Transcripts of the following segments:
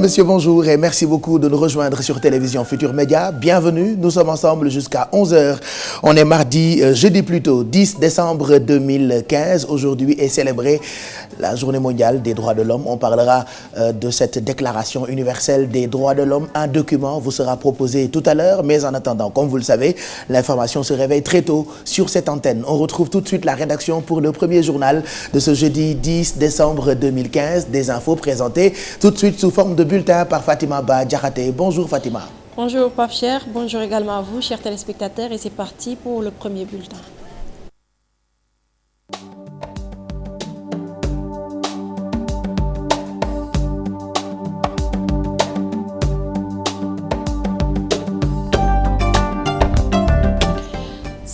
Mesdames, Messieurs, bonjour merci beaucoup de nous rejoindre sur Télévision Futur Média. Bienvenue, nous sommes ensemble jusqu'à 11h. On est mardi, euh, jeudi la journée mondiale des droits de l'homme. On parlera euh, de cette déclaration universelle des droits de l'homme. Un document vous sera proposé tout à l'heure, mais en attendant, comme vous le savez, l'information se réveille très tôt sur cette antenne. On retrouve tout de suite la rédaction pour le premier journal de ce jeudi décembre Des infos présentées tout de suite sous forme de bulletin par Fatima Ba Diakhaté. Bonjour Fatima. Bonjour Pape Cher, bonjour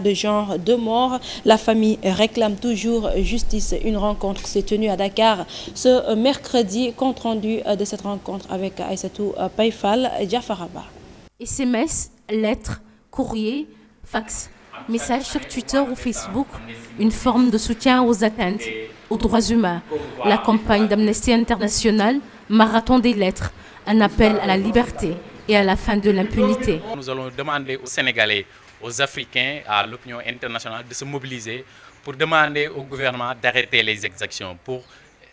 cas de genre de mort. La famille réclame toujours justice. Une rencontre s'est tenue à Dakar ce mercredi. Compte rendu euh, de cette rencontre avec Aïssatou euh, Paifal Diafaraba. SMS, lettres, courrier, Facebook, une forme de soutien aux atteintes aux droits humains. La campagne d'Amnesty International, marathon des lettres, un appel à la liberté et à la fin de l'impunité. Nous aux Africains, à l'opinion internationale de se mobiliser pour demander au gouvernement d'arrêter les exactions, pour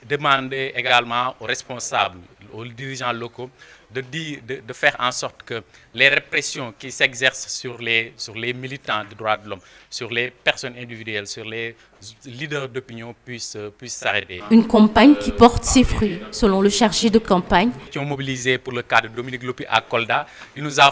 demander également aux responsables, aux dirigeants locaux de, dire, de, de faire en sorte que les répressions qui s'exercent sur les, sur les militants des droits de l'homme, sur les personnes individuelles, sur les leaders d'opinion puissent puissent s'arrêter. Une campagne qui porte ses fruits, selon le chargé de campagne. Qui ont pour le cas de Dominique Lopi à Kolda, il nous a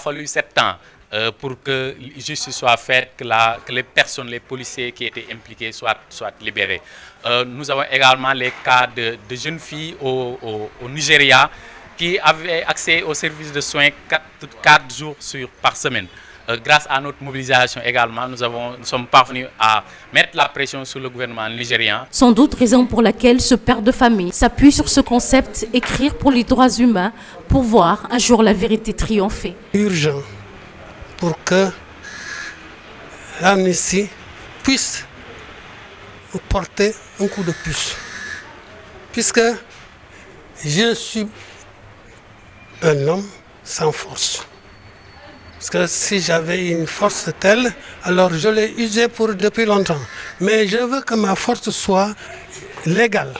euh, pour que justice soit faite, que, la, que les personnes, les policiers qui étaient impliqués soient, soient libérés. Euh, nous avons également les cas de, jeunes filles au, au, au, Nigeria qui avaient accès aux services de soins 4, 4 jours sur, par semaine. Euh, grâce à notre mobilisation également, nous, avons, sommes parvenus à mettre la pression sur le gouvernement nigérien. Sans doute raison pour laquelle ce père de famille s'appuie sur ce concept écrire pour les droits humains pour voir un jour la pour que Amnesty puisse porter un coup de puce. Puisque je suis un homme sans force. Parce que si j'avais une force telle, alors je l'ai usée pour depuis longtemps. Mais je veux que ma force soit légale.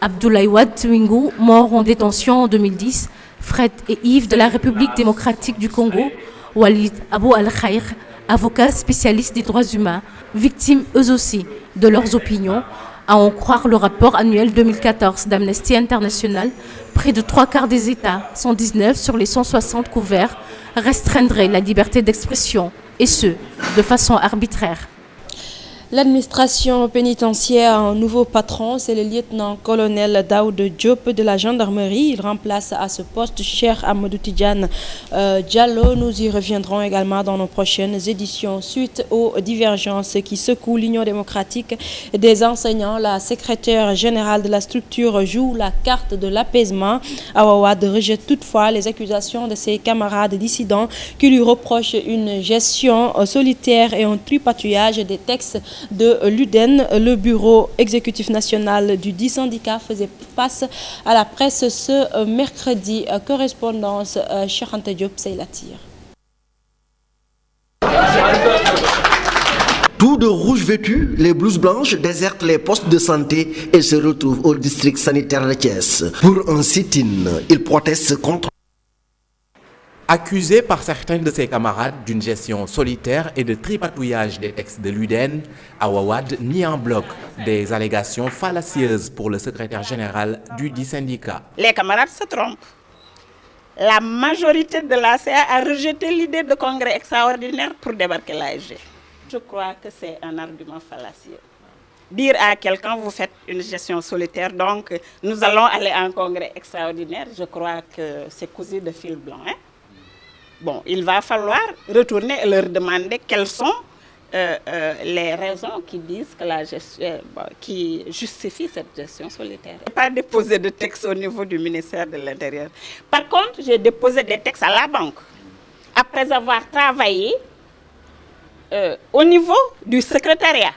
Abdoulaye Wad Twingu, mort en détention en 2010, Fred et Yves de la République démocratique du Congo, Walid Abou Al-Khaïr, avocat spécialiste des droits humains, victimes eux aussi de leurs opinions, à en croire le rapport annuel 2014 d'Amnesty International, près de trois quarts des États, 119 sur les 160 couverts, restreindraient la liberté d'expression, et ce, de façon arbitraire. L'administration pénitentiaire a un nouveau patron, c'est le lieutenant-colonel Daoud Diop de la gendarmerie. Il remplace à ce poste cher Amadou Tidjane euh, Diallo. Nous y reviendrons également dans nos prochaines éditions. Suite aux divergences qui secouent l'Union démocratique des enseignants, la secrétaire générale de la structure joue la carte de l'apaisement. Awawad rejette toutefois les accusations de ses camarades dissidents qui lui reprochent une gestion euh, solitaire et un tripatouillage des textes de l'UDEN. Le bureau exécutif national du dit syndicat faisait face à la presse ce euh, mercredi. Euh, correspondance euh, Cheikh Diop, Tout de rouge vêtu, les blouses blanches désertent les postes de santé et se retrouvent au district sanitaire de Pour un sit ils protestent accusé par certains de ses camarades d'une gestion solitaire et de tripatouillage des textes de l'UDN, Awawad nie en bloc des allégations fallacieuses pour le secrétaire général du syndicat. Les camarades se trompent. La majorité de la CA a rejeté l'idée de congrès extraordinaire pour débarquer l'AG. Je crois que c'est un argument fallacieux. Dire à quelqu'un, vous faites une gestion solitaire, donc nous allons aller à un congrès extraordinaire, je crois que c'est cousu Bon, il va falloir retourner et leur demander quelles sont euh, euh les raisons qui disent que la gestion, euh, qui justifient cette gestion solitaire. Je n'ai pas déposé de texte au niveau du ministère de l'Intérieur. Par contre, j'ai déposé des textes à la banque. Après avoir travaillé euh, au niveau du secrétariat.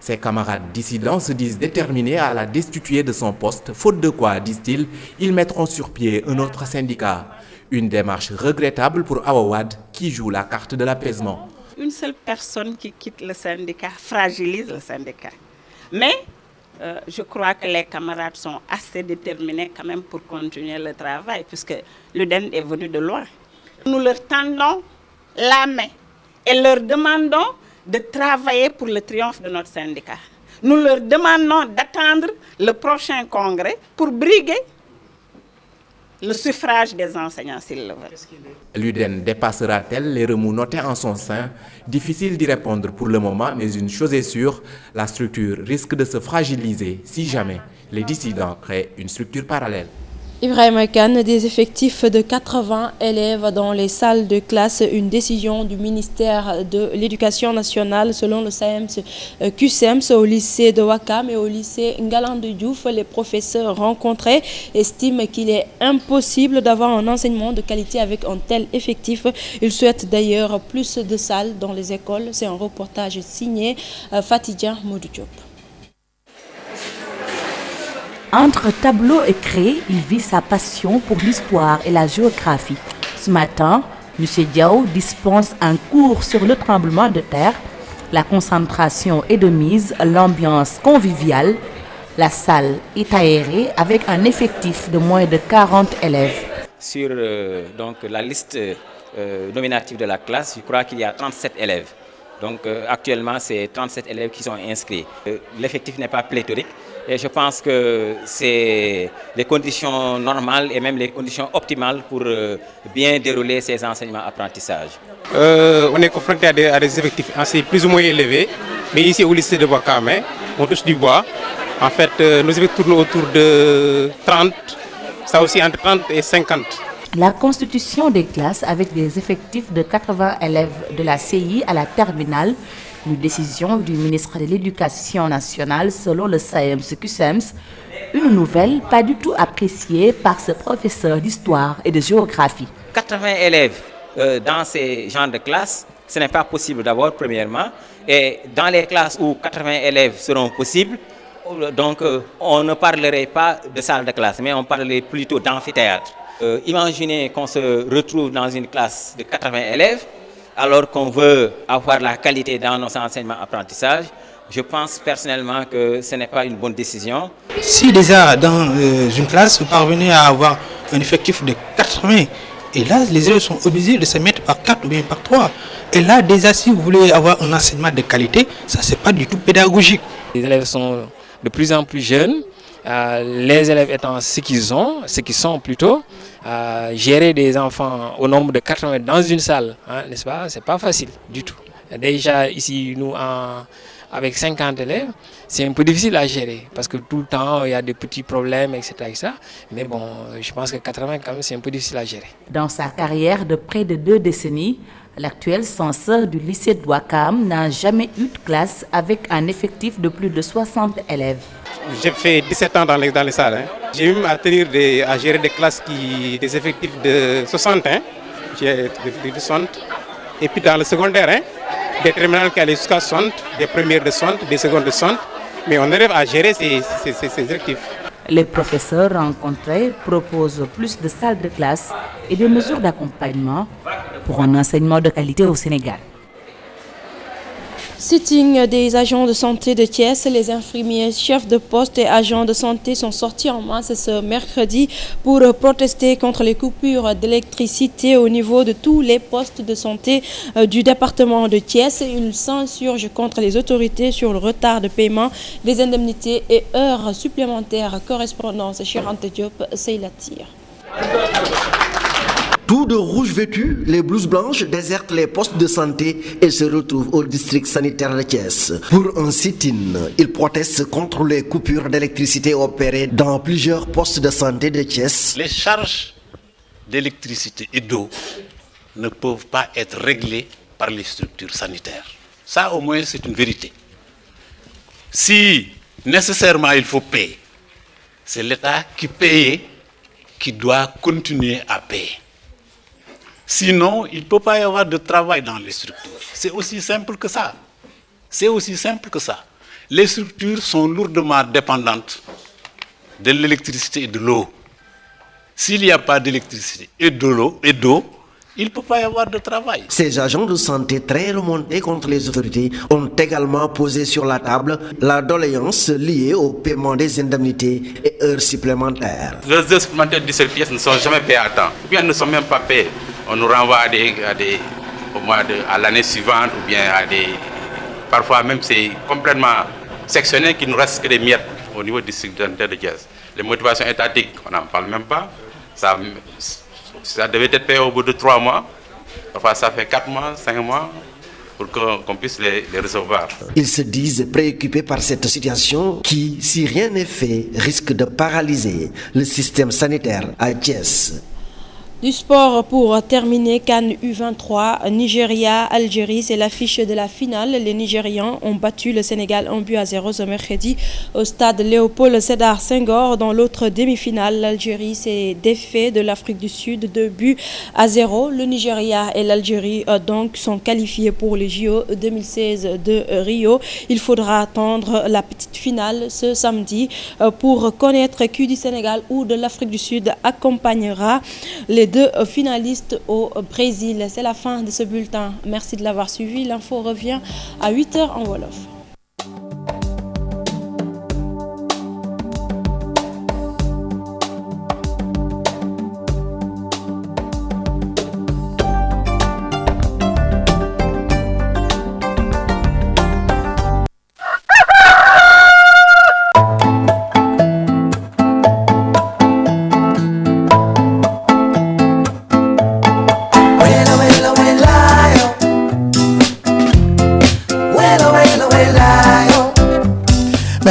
Ses camarades dissidents se disent déterminés à la destituer de son poste, faute de quoi, disent-ils, ils mettront sur pied un autre syndicat. Une démarche regrettable pour Awawad qui joue la carte de l'apaisement. Une seule personne qui quitte le syndicat fragilise le syndicat. Mais euh, je crois que les camarades sont assez déterminés quand même pour continuer le travail puisque l'UDEN est venu de loin. Nous leur tendons la main et leur demandons de travailler pour le triomphe de notre syndicat. Nous leur demandons d'attendre le prochain congrès pour briguer le suffrage des enseignants s'il le veut. L'UDEN dépassera-t-elle les remous notés en son sein Difficile d'y répondre pour le moment, mais une chose est sûre, la structure risque de se fragiliser si jamais les dissidents créent une structure parallèle. Ibrahim Khan, des effectifs de 80 élèves dans les salles de classe, une décision du ministère de l'Éducation nationale selon le CEMS QCEMS euh, e au lycée de Wakam et au lycée Ngalandou Diouf. Les professeurs rencontrés estiment qu'il est impossible d'avoir un enseignement de qualité avec un tel effectif. Ils souhaitent d'ailleurs de salles dans les écoles. C'est un reportage signé euh, Fatidien Entre tableaux et craies, il vit sa passion pour et la géographie. Ce matin, M. Diao dispense un cours sur tremblement de terre. La concentration est de mise, l'ambiance conviviale. La salle est aérée avec un effectif de moins de 40 élèves. Sur euh, donc, la liste euh, nominative de la classe, je crois qu'il y a 37 élèves. Donc euh, actuellement, c'est 37 élèves qui sont inscrits. Euh, l'effectif n'est pas pléthorique, Et je pense que c'est les conditions normales et même les conditions optimales pour euh, bien dérouler ces enseignements-apprentissages. Euh, on est confronté à des, à des effectifs assez plus ou moins élevés, de Wakam, hein, on touche du bois. En fait, euh, nous effectifs tournent de 30, ça aussi entre 30 et 50. La constitution des classes avec des effectifs de la CI à la terminale Une décision du ministre de l'Éducation nationale selon le SAEMS-CUSEMS, une nouvelle pas du tout appréciée par ce professeur d'histoire et de géographie. 80 élèves euh, dans ces les classes où 80 élèves seront possibles, euh, donc euh, on ne de salle de classe, mais on parlerait euh, dans une classe de 80 élèves, alors qu'on veut avoir qualité dans nos enseignements apprentissage, je pense personnellement que ce n'est décision. Si déjà dans euh, une classe, vous parvenez à avoir un effectif de 80, et là les élèves sont obligés de se mettre par 4 ou de qualité, ça c'est pas de plus en plus jeunes, euh, les élèves étant ce qu'ils ont, à gérer des enfants au nombre de 80 dans une salle, n'est-ce hein, pas C'est pas facile du tout. Déjà ici, nous, en, avec 50 élèves, c'est un peu difficile à gérer parce que tout le temps il y a des petits problèmes, etc. Mais je pense que 80 quand même, c'est un peu difficile à gérer. Dans sa carrière de près de deux décennies, l'actuel censeur du lycée de Wakam n'a jamais eu de classe avec un effectif de plus de 60 élèves. J'ai fait 17 ans dans les, dans les salles. Hein. J'ai eu à, gérer des classes qui des effectifs de 60. Hein. J'ai des 60. Et dans le secondaire, des terminales qui allaient jusqu'à 60, mais on arrive à gérer ces, ces, ces, ces actifs. Les professeurs rencontrés proposent plus de salles de classe et des mesures d'accompagnement pour un enseignement de qualité au Sénégal. Sitting des agents de santé de Thiès, les infirmiers, chefs de poste et agents de santé sont sortis en masse ce mercredi pour protester contre les coupures d'électricité au niveau de tous les postes de santé euh, du département de Thiès. Ils s'insurgent contre les autorités sur le retard de paiement des indemnités et heures supplémentaires. Correspondance chez Diop, c'est Tout de rouge vêtu, les blouses blanches désertent les postes de santé et se retrouvent au district sanitaire de Thiès. Pour un sit-in, ils protestent contre les coupures d'électricité opérées dans plusieurs postes de santé de Thiès. Les charges d'électricité et d'eau ne peuvent pas être réglées par les structures sanitaires. Ça au moins c'est une vérité. Si nécessairement il faut payer, c'est l'État qui paye qui doit continuer à payer. Sinon, il ne peut pas y avoir de travail dans les structures. C'est aussi simple que ça. C'est aussi simple que ça. Les structures sont lourdement dépendantes de l'électricité et de l'eau. S'il n'y a pas d'électricité et de l'eau et d'eau, il ne peut pas y avoir de travail. Ces agents de santé très remontés contre les autorités ont également posé sur la table la doléance liée au paiement des indemnités et heures supplémentaires. de ces pièces ne sont jamais payées à temps, ou bien ne sont pas payées. on nous renvoie à des, à à l'année suivante ou bien à des parfois même c'est complètement sectionné qu'il nous reste que des miettes au niveau du district de Thiès. Les motivations étatiques, on n'en parle même pas. Ça, ça devait être payé au bout de trois mois. Parfois, ça fait quatre mois, cinq mois pour qu'on puisse les, les, recevoir. Ils se disent préoccupés par cette situation qui, si rien n'est fait, risque de paralyser le système sanitaire à Thiès. Du sport pour terminer, Cannes U23, Nigeria, Algérie, c'est l'affiche de la finale. Les Nigérians ont le Sénégal en but à 0 ce mercredi au stade Léopold Sédar Senghor. Dans l'autre demi-finale, l'Algérie s'est défait du Sud de buts à 0. Le Nigeria et l'Algérie euh, donc sont qualifiés pour les JO 2016 de Rio. Il faudra attendre la petite finale euh, pour connaître qui Sénégal ou de l'Afrique du Sud accompagnera deux finalistes au Brésil. C'est la fin de ce bulletin. Merci de l'avoir suivi. L'info revient à 8h en Wolof.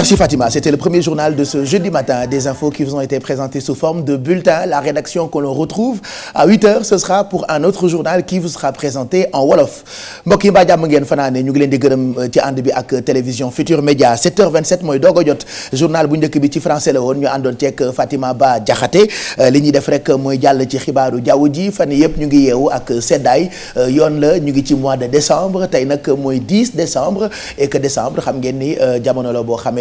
Merci Fatima, c'était le premier journal de ce jeudi matin. Des infos qui vous ont été présentées sous forme de bulletin. La rédaction que l'on retrouve à 8 heures, ce sera pour un autre journal qui vous sera présenté en wolof. mbokk yi mbaa jàmm ngeen fanaane ñu ngi leen di euh, euh, télévision Futur Média 7h27 mooy doog a jot journal bu njëkk bi français la woon ñu àndoon ceeg euh, Fatima Ba Diakhaté li ñuy def rek mooy jàll ci xibaaru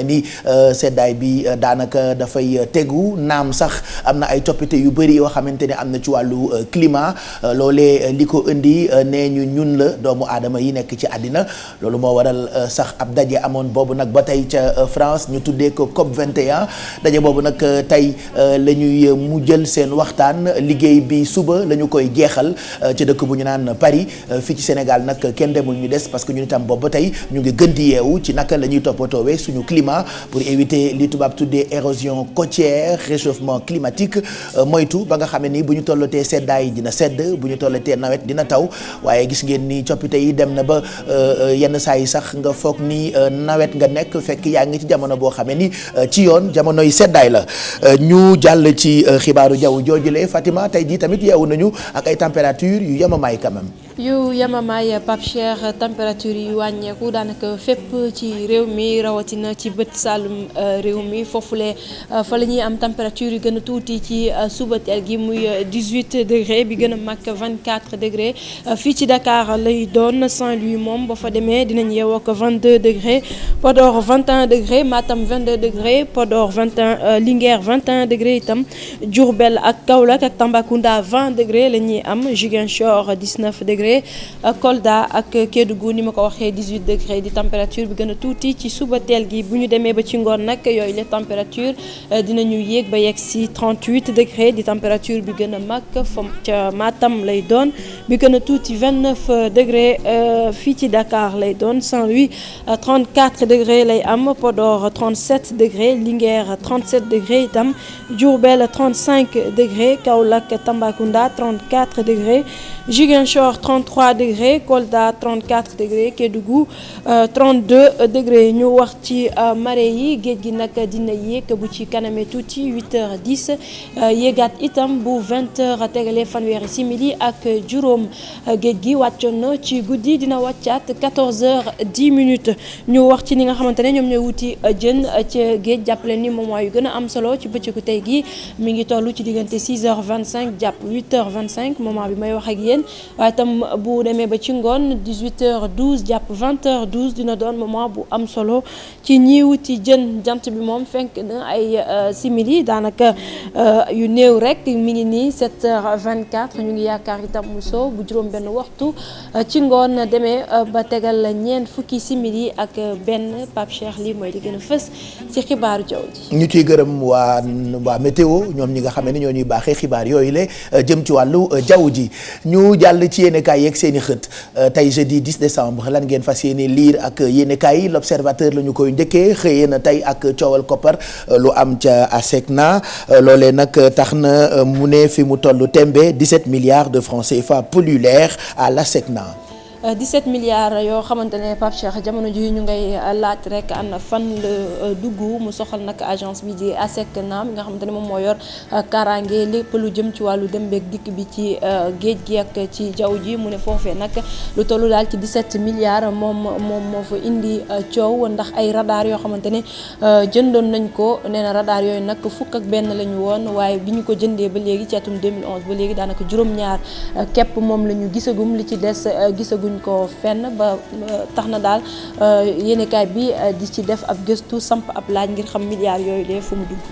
ji bi euh, seddaay bi euh, daanaka dafay euh, tegu naam sax am na ay coppite yu bëri yoo xamante ne am na ci wàllu climat loolee li ko indi nee ñu ñun la doomu aadama yi nekk ci àddina loolu moo waral sax ab daje amoon boobu nag ba tey ca France ñu tuddee ko COP 21 daje boobu nag tey lañuy ñuy mujjal seen waxtaan liggéey bi suba la ñu koy jeexal ci dëkk bu ñu naan Paris fii ci Sénégal nag kenn demu ñu des parce que ñun itam boobu tey ñu ngi gën yeewu ci naka la ñuy pour éviter li tubaab tuddee érosion côtière réchauffement climatique euh, moytu ba nga xam ne ni bu ñu tollatee seddaay dina sedd bu ñu tollatee nawet dina taw waaye gis ngeen ni coppite yi dem na ba euh, euh, yenn saa yi sax nga foog nii nawet nga nekk fekk yaa ngi ci jamono boo xamee ni ci yoon jamonoy seddaay la ñu jàll ci xibaaru jaww joojule Fatima tey jii tamit yeewu nañu ak ay température yu yemamaay quand yu yamamaay Pape Cheikh température yi wàññeeku daanaka fépp ci réew mi rawatina ci bët saalum euh, réew mi foofule euh, fa la ñuy am température yi gën a tuuti ci euh, suba teel gi muy 18 degré bi gën a mag 24 degré fii ci Dakar lay doon Saint-Louis moom boo fa demee dinañ yeewoo ko 22 degré Podor 21 degré Matam 22 degré Podor 21 Linguère 21 degré itam Diourbel ak Kaolack ak Tambacounda 20 degré la ñuy am Ziguinchor 19 degré. degré euh, Kolda ak euh, Kédougou ni ma ko waxee 18 degré di température bi gën a tuuti ci suba teel gi bu ñu demee ba ci ngoon nag yooyu la dina ñu yéeg ba yegg si 38 degré di température bi gën a mag fa ca Matam lay doon bi gën a tuuti 29 euh, degré fii ci Dakar lay doon Saint-Louis 34 degré lay am Podor 37 degré Linguère 37 degré itam Diourbel 35 degré Kaolack Tambacounda 34 degré Ziguinchor 33 degré Kolda 34 degré Kédougou 32 euh, degré ñu wax ci euh, marée yi géej gi nag dina yéeg bu ci kaname tuuti 8h10 euh, yéegaat itam bu 20h tegalee fanweeri simili ak juróom géej gi wàccoon na ci guddi dina wàccaat 14h10 minutes ñu wax ci ni nga xamante ne ñoom ñooy wuti jën ci géej jàppale ni moment yu gën a am solo ci bëccëgu tey gi mu ngi toll ci diggante 6 h cinq jàpp 8 h cinq moment bi may wax ak yéen bu demee ba ci ngoon 18h12 jàpp 20h12 dina doon moment bu am solo ci ñi wuti jën jant bi moom fenk na ay euh, simili daanaka euh, yu néew rek mi ngi nii 7h24 ñu ngi yaakaar itam mu soo bu juróom benn waxtu euh, ci ngoon demee ba tegal la ñeent fukki simili ak benn Pape Cheikh lii mooy li gën a fës ci ñu ciy gërëm waa waa météo ñoom ñi nga xam ne baaxee xibaar yooyu la jëm ci wàllu jaww ji ñu jàll ci yéen kaay yéenekaay yeeg seen i xët euh, tey jeudi 10 décembre lan ngeen fa yéene liir ak yéenekaay yi l'observateur la ñu koy njëkkee xëyee na tey ak coowal koppar euh, lu am ca ASECNA euh, loole nag tax na mu ne fi mu toll tembe 17 milliards de francs CFA cfa polulaire à la l'ASECNA 17 euh, milliards yoo xamante ne Pape Cheikh jamono ji ñu ngay euh, laaj rek ana fan la euh, dugg mu soxal nag agence bi di ASECNAM nga xamante ne moom moo yor kaaraange lépp lu jëm ci wàllu dem beeg dikk bi ci géej gi ak ci jaww ji mu ne foofee nag lu tollu daal ci 17 milliards moom moom moo fa indi coow ndax ay radar yoo xamante ne jëndoon nañ ko nee na radar yooyu nag fukk ak benn la ñu woon waaye bi ñu ko jëndee ba léegi ci atum 2011 ba léegi daanaka juróom-ñaar képp moom la ñu gisagum li ci des gisagum. guñ ko fenn ba tax na daal euh, yéenekaay bi euh, di ci def ab gëstu samp ab laaj ngir xam milliards yooyu de fu mu dugg.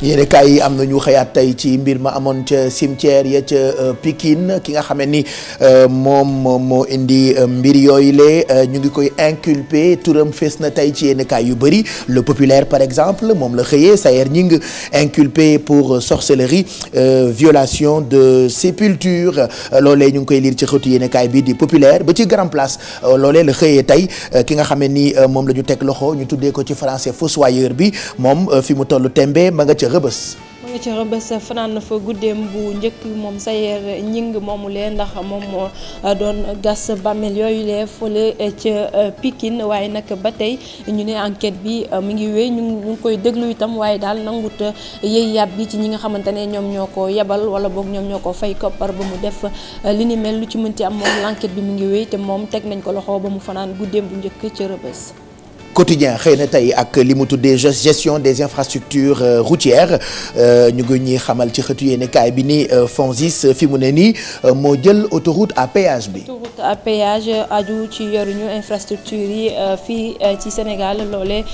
yéen kaay yi am na ñu xëyaat tey ci mbir ma amoon ca cimetière ya ca euh, Pikine ki nga xamee ni euh, moom moo indi euh, mbir yooyu lee ñu ngi koy inculpé turam fees na tey ci yéen yu bëri le populaire par exemple moom la xëyee Sayer Ñing inculpé pour sorcellerie violation de sépulture loolee ñu ngi koy liir ci xëtu yéen kaay bi ba ci grand place xëyee tey ki nga xamee ni moom la ñu teg loxo ñu tuddee ko ci français fossoyeur bi moom fi mu toll tembe ma nga ca ca rëbës mu fanaan na fa guddeem bu njëkk moom sa Sayer ñing moomu lee ndax moom moo doon gas bàmmeel yooyu lee fële ca euh, Pikine waaye nag ba tey ñu ne enquête bi euh, mu ngi wéy ñu ngi koy déglu itam waaye daal nangut euh, yëy yàb bi ci ñi nga xamante ne ñoom ñoo ko yebal wala boog ñoom ñoo ko fay koppar ba mu def li ni mel lu ci mënti am moom l'enquête bi mu ngi wéy te moom teg nañ ko loxo ba mu fanaan guddeem bu njëkk ca rëbës quotidien xëy na tey ak li de tuddee gestion des infrastructures euh, routières euh, ñu ngi ñuy xamal ci xëtu yéenekaay bi ni euh, FONSIS fi mu ne nii moo jël autoroute à péage bi. autoroute à péage aju ci yoruñu infrastructure yi fii ci Sénégal loole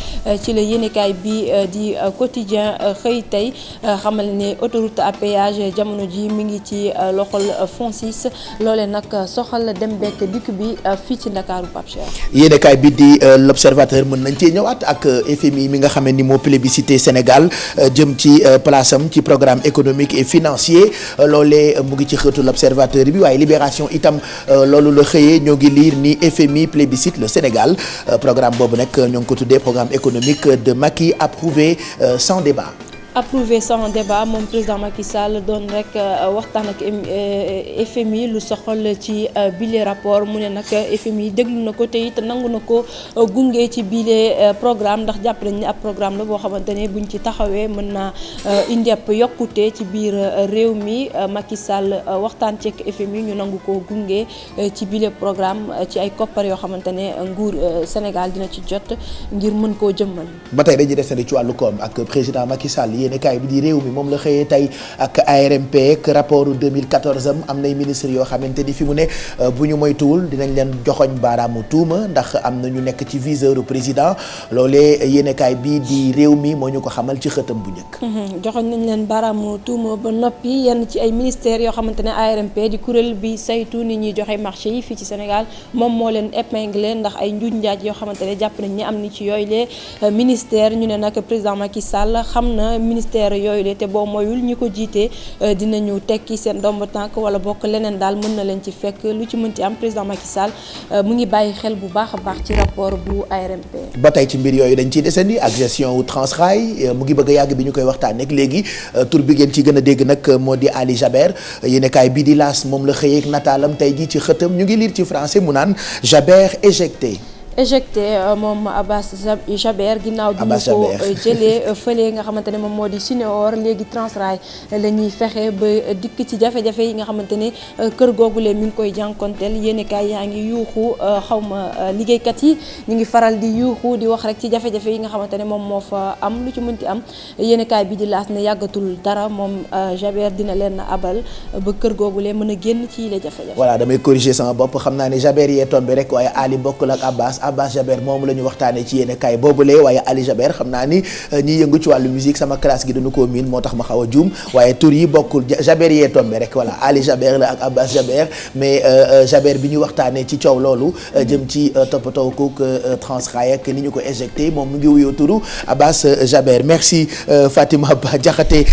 ci la yéenekaay bi di quotidien xëy tey xamal ni autoroute à péage jamono ji mu ngi ci loxol FONSIS loole nag soxal dem bekk dikk bi fii ci Ndakaaru Pape Cheikh. bi di l'observateur mën nañ cee ñëwaat ak euh, FMI mi nga xam ni moo plébiscité Sénégal euh, jëm ci euh, place am ci programme économique et financier loolee mu ngi ci xëtu l'observateur bi waaye Libération itam loolu la xëyee ñoo ngi liir ni FMI plébiscite le Sénégal programme boobu nag ñoo ngi ko tuddee programme économique de Macky approuvé sans débat. approuvé sans débat moom président Macky Sall doon rek euh, waxtaan ak FMI euh, lu soxal ci euh, bile rapport mu ne nag FMI déglu na ko te it nangu na ko gunge ci bile programme ndax jàpp nañ ne ab programme la boo xamante ne buñ ci taxawee mën naa indi ab yokkute ci biir réew mi Macky Sall waxtaan ceeg FMI ñu nangu ko gunge ci bile programme ci ay koppar yoo xamante ne nguur Sénégal dina ci jot ngir mën koo jëmmal. ba tey dañuy desandi ci wàllu ko ak président Macky Sall yéenekaay bi di réew mi moom la xëyee tey ak ARMP ak rapport 2014 am am euh, nekk ci viseur président loolee yéenekaay bi di réew mi moo ñu ko xamal ci xëtam bu njëkk. Mhm, joxoñ nañ leen baaraamu tuuma ba noppi yenn ci ay ministères yoo xamante ne ARMP di kuréel bi saytu ni ñuy joxe marché yi fii ci Sénégal moom moo leen épinglé ndax ay njuuj njaaj yoo xamante jàpp nañ ni am ni ci yooyu les euh, ñu ne nag président Macky Sall xam na. ministère yooyu de te boo moyul ñi ko jiitee euh, dinañu tekki seen ndomb tànk wala bokk leneen daal mën na leen ci fekk lu ci mën ci am président Macky Sall euh, mu ngi bàyyi xel bu baax a baax ci rapport bu ARMP. ba tey ci mbir yooyu dañ ciy desandi ak gestion wu Transrail euh, mu ngi bëgg yàgg bi ñu koy waxtaan ak léegi tur bi ngeen ci gën a dégg nag moo di Ali Jaber yéenekaay bii di laas moom la xëyeeg nataalam tey jii ci xëtam ñu ngi liir ci français mu naan Jaber éjecté. éjecté euh, moom Abbas Jaber ginnaaw bi ñu ko euh, jëlee euh, fële nga xamante ne moom moo di Sinéor léegi Transrail la ñuy fexe ba dikk ci jafe-jafe yi nga xamante ne kër googu leen mi ngi koy jànkonteel yéenekaay yaa ngi yuuxu xawma liggéeykat yi ñu ngi faral di yuuxu di wax rek ci jafe yi nga xamante ne moom moo fa am lu ci mun mënti am yéenekaay bi di laas ne yàggatul dara moom Jaber dina leen abal ba kër googu leen mën a génn ci yile jafe-jafe. voilà damay corriger sama bopp xam naa ne Jaber yee tombé rek waaye Ali bokkul ak Abbas Abbas Jaber moom la ñu waxtaanee ci yéen kaay boobule waaye Ali Jaber xam naa ni euh, ñiy yëngu ci wàllu musique sama classe gi dañu ko miin moo tax ma xaw a juum waaye tur yi bokkul Jaber yee tombé rek voilà Ali Jaber la ak Abbas Jaber mais euh, euh, Jaber bi ñu waxtaanee ci coow loolu jëm ci toppatoo kook Transrail ak ni ñu ko éjecté moom mu ngi wuyoo turu Abbas Jaber merci Fatima Ba Diakhaté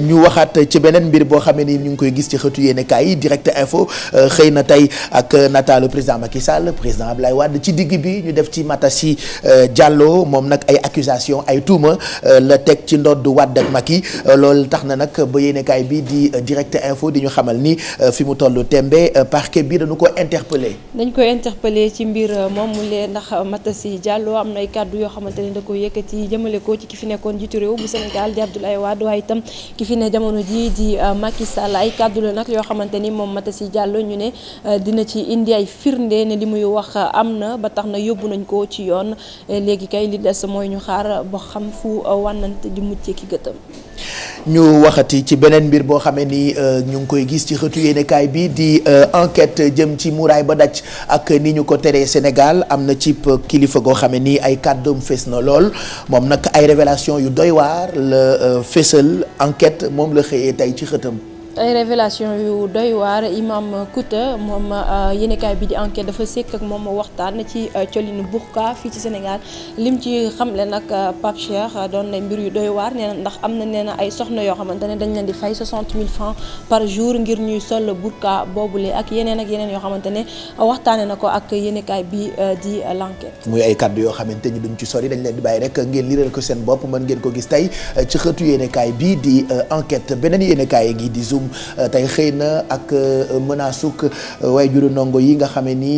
ñu waxaat ci beneen mbir boo xamee ni ñu ngi koy gis ci xëtu yéen kaay yi direct info xëy na tey ak nataalu président Macky Sall président Abdoulaye Wade ci digg digg bi ñu def ci Matassi euh, Diallo moom nag ay accusation ay tuuma euh, la teg ci ndoddu Wade ak Macky euh, loolu tax na nag ba yéenekaay bi di direct info di ñu xamal ni fi mu toll tembe parquet bi dañu ko interpellé. dañ ko interpellé ci mbir moom mu lee ndax Matassi Diallo am na ay kàddu yoo xamante ne da ko yëkkati jëmale ko ci ki fi nekkoon jiitu réew bu Sénégal di Abdoulaye Wade waaye itam ki fi ne jamono ji di Macky Sall ay kàddu la nag yoo xamante ni moom Matassi Diallo ñu ne dina ci indi tax na yóbbu nañ ko ci yoon léegi kay li des mooy ñu xaar ba xam fu wànnante di muccee ki gëtam ñu waxati ci beneen mbir boo xamee ni euh, ñu ngi koy gis ci xëtu yéenekaay bi di euh, enquête jëm ci muraay ba daj ak ni ñu ko teree Sénégal am na ci kilifa goo xamee ni ay kàddoom fees na lool moom nag ay révélation yu doy waar la euh, fésal enquête moom la xëyee tey ci xëtam. ay révélation yu doy waar imam Kouta moom euh, yéenekaay bi di enquête dafa sekk ak moom waxtaan ci euh, colinu burka fii ci Sénégal lim ci xamle nag euh, Pape Cheikh doon na mbir yu doy waar nee na ndax am na nee ay soxna yoo xamante ne dañ leen di fay 60 000 francs par jour ngir ñuy sol burka boobule ak yeneen ak yeneen yoo xamante ne waxtaane na ko ak yéenekaay bi di l'enquête muy ay kadd yoo xamante ni duñ ci sori dañ leen di bàyyi rek ngeen liral ko seen bopp mën ngeen ko gis tey ci xëtu yéenekaay bi di enquête beneen yéenekaay gi di zoom Euh, tey xëy na ak euh, menace sukk euh, way juru ndongo yi nga xame ni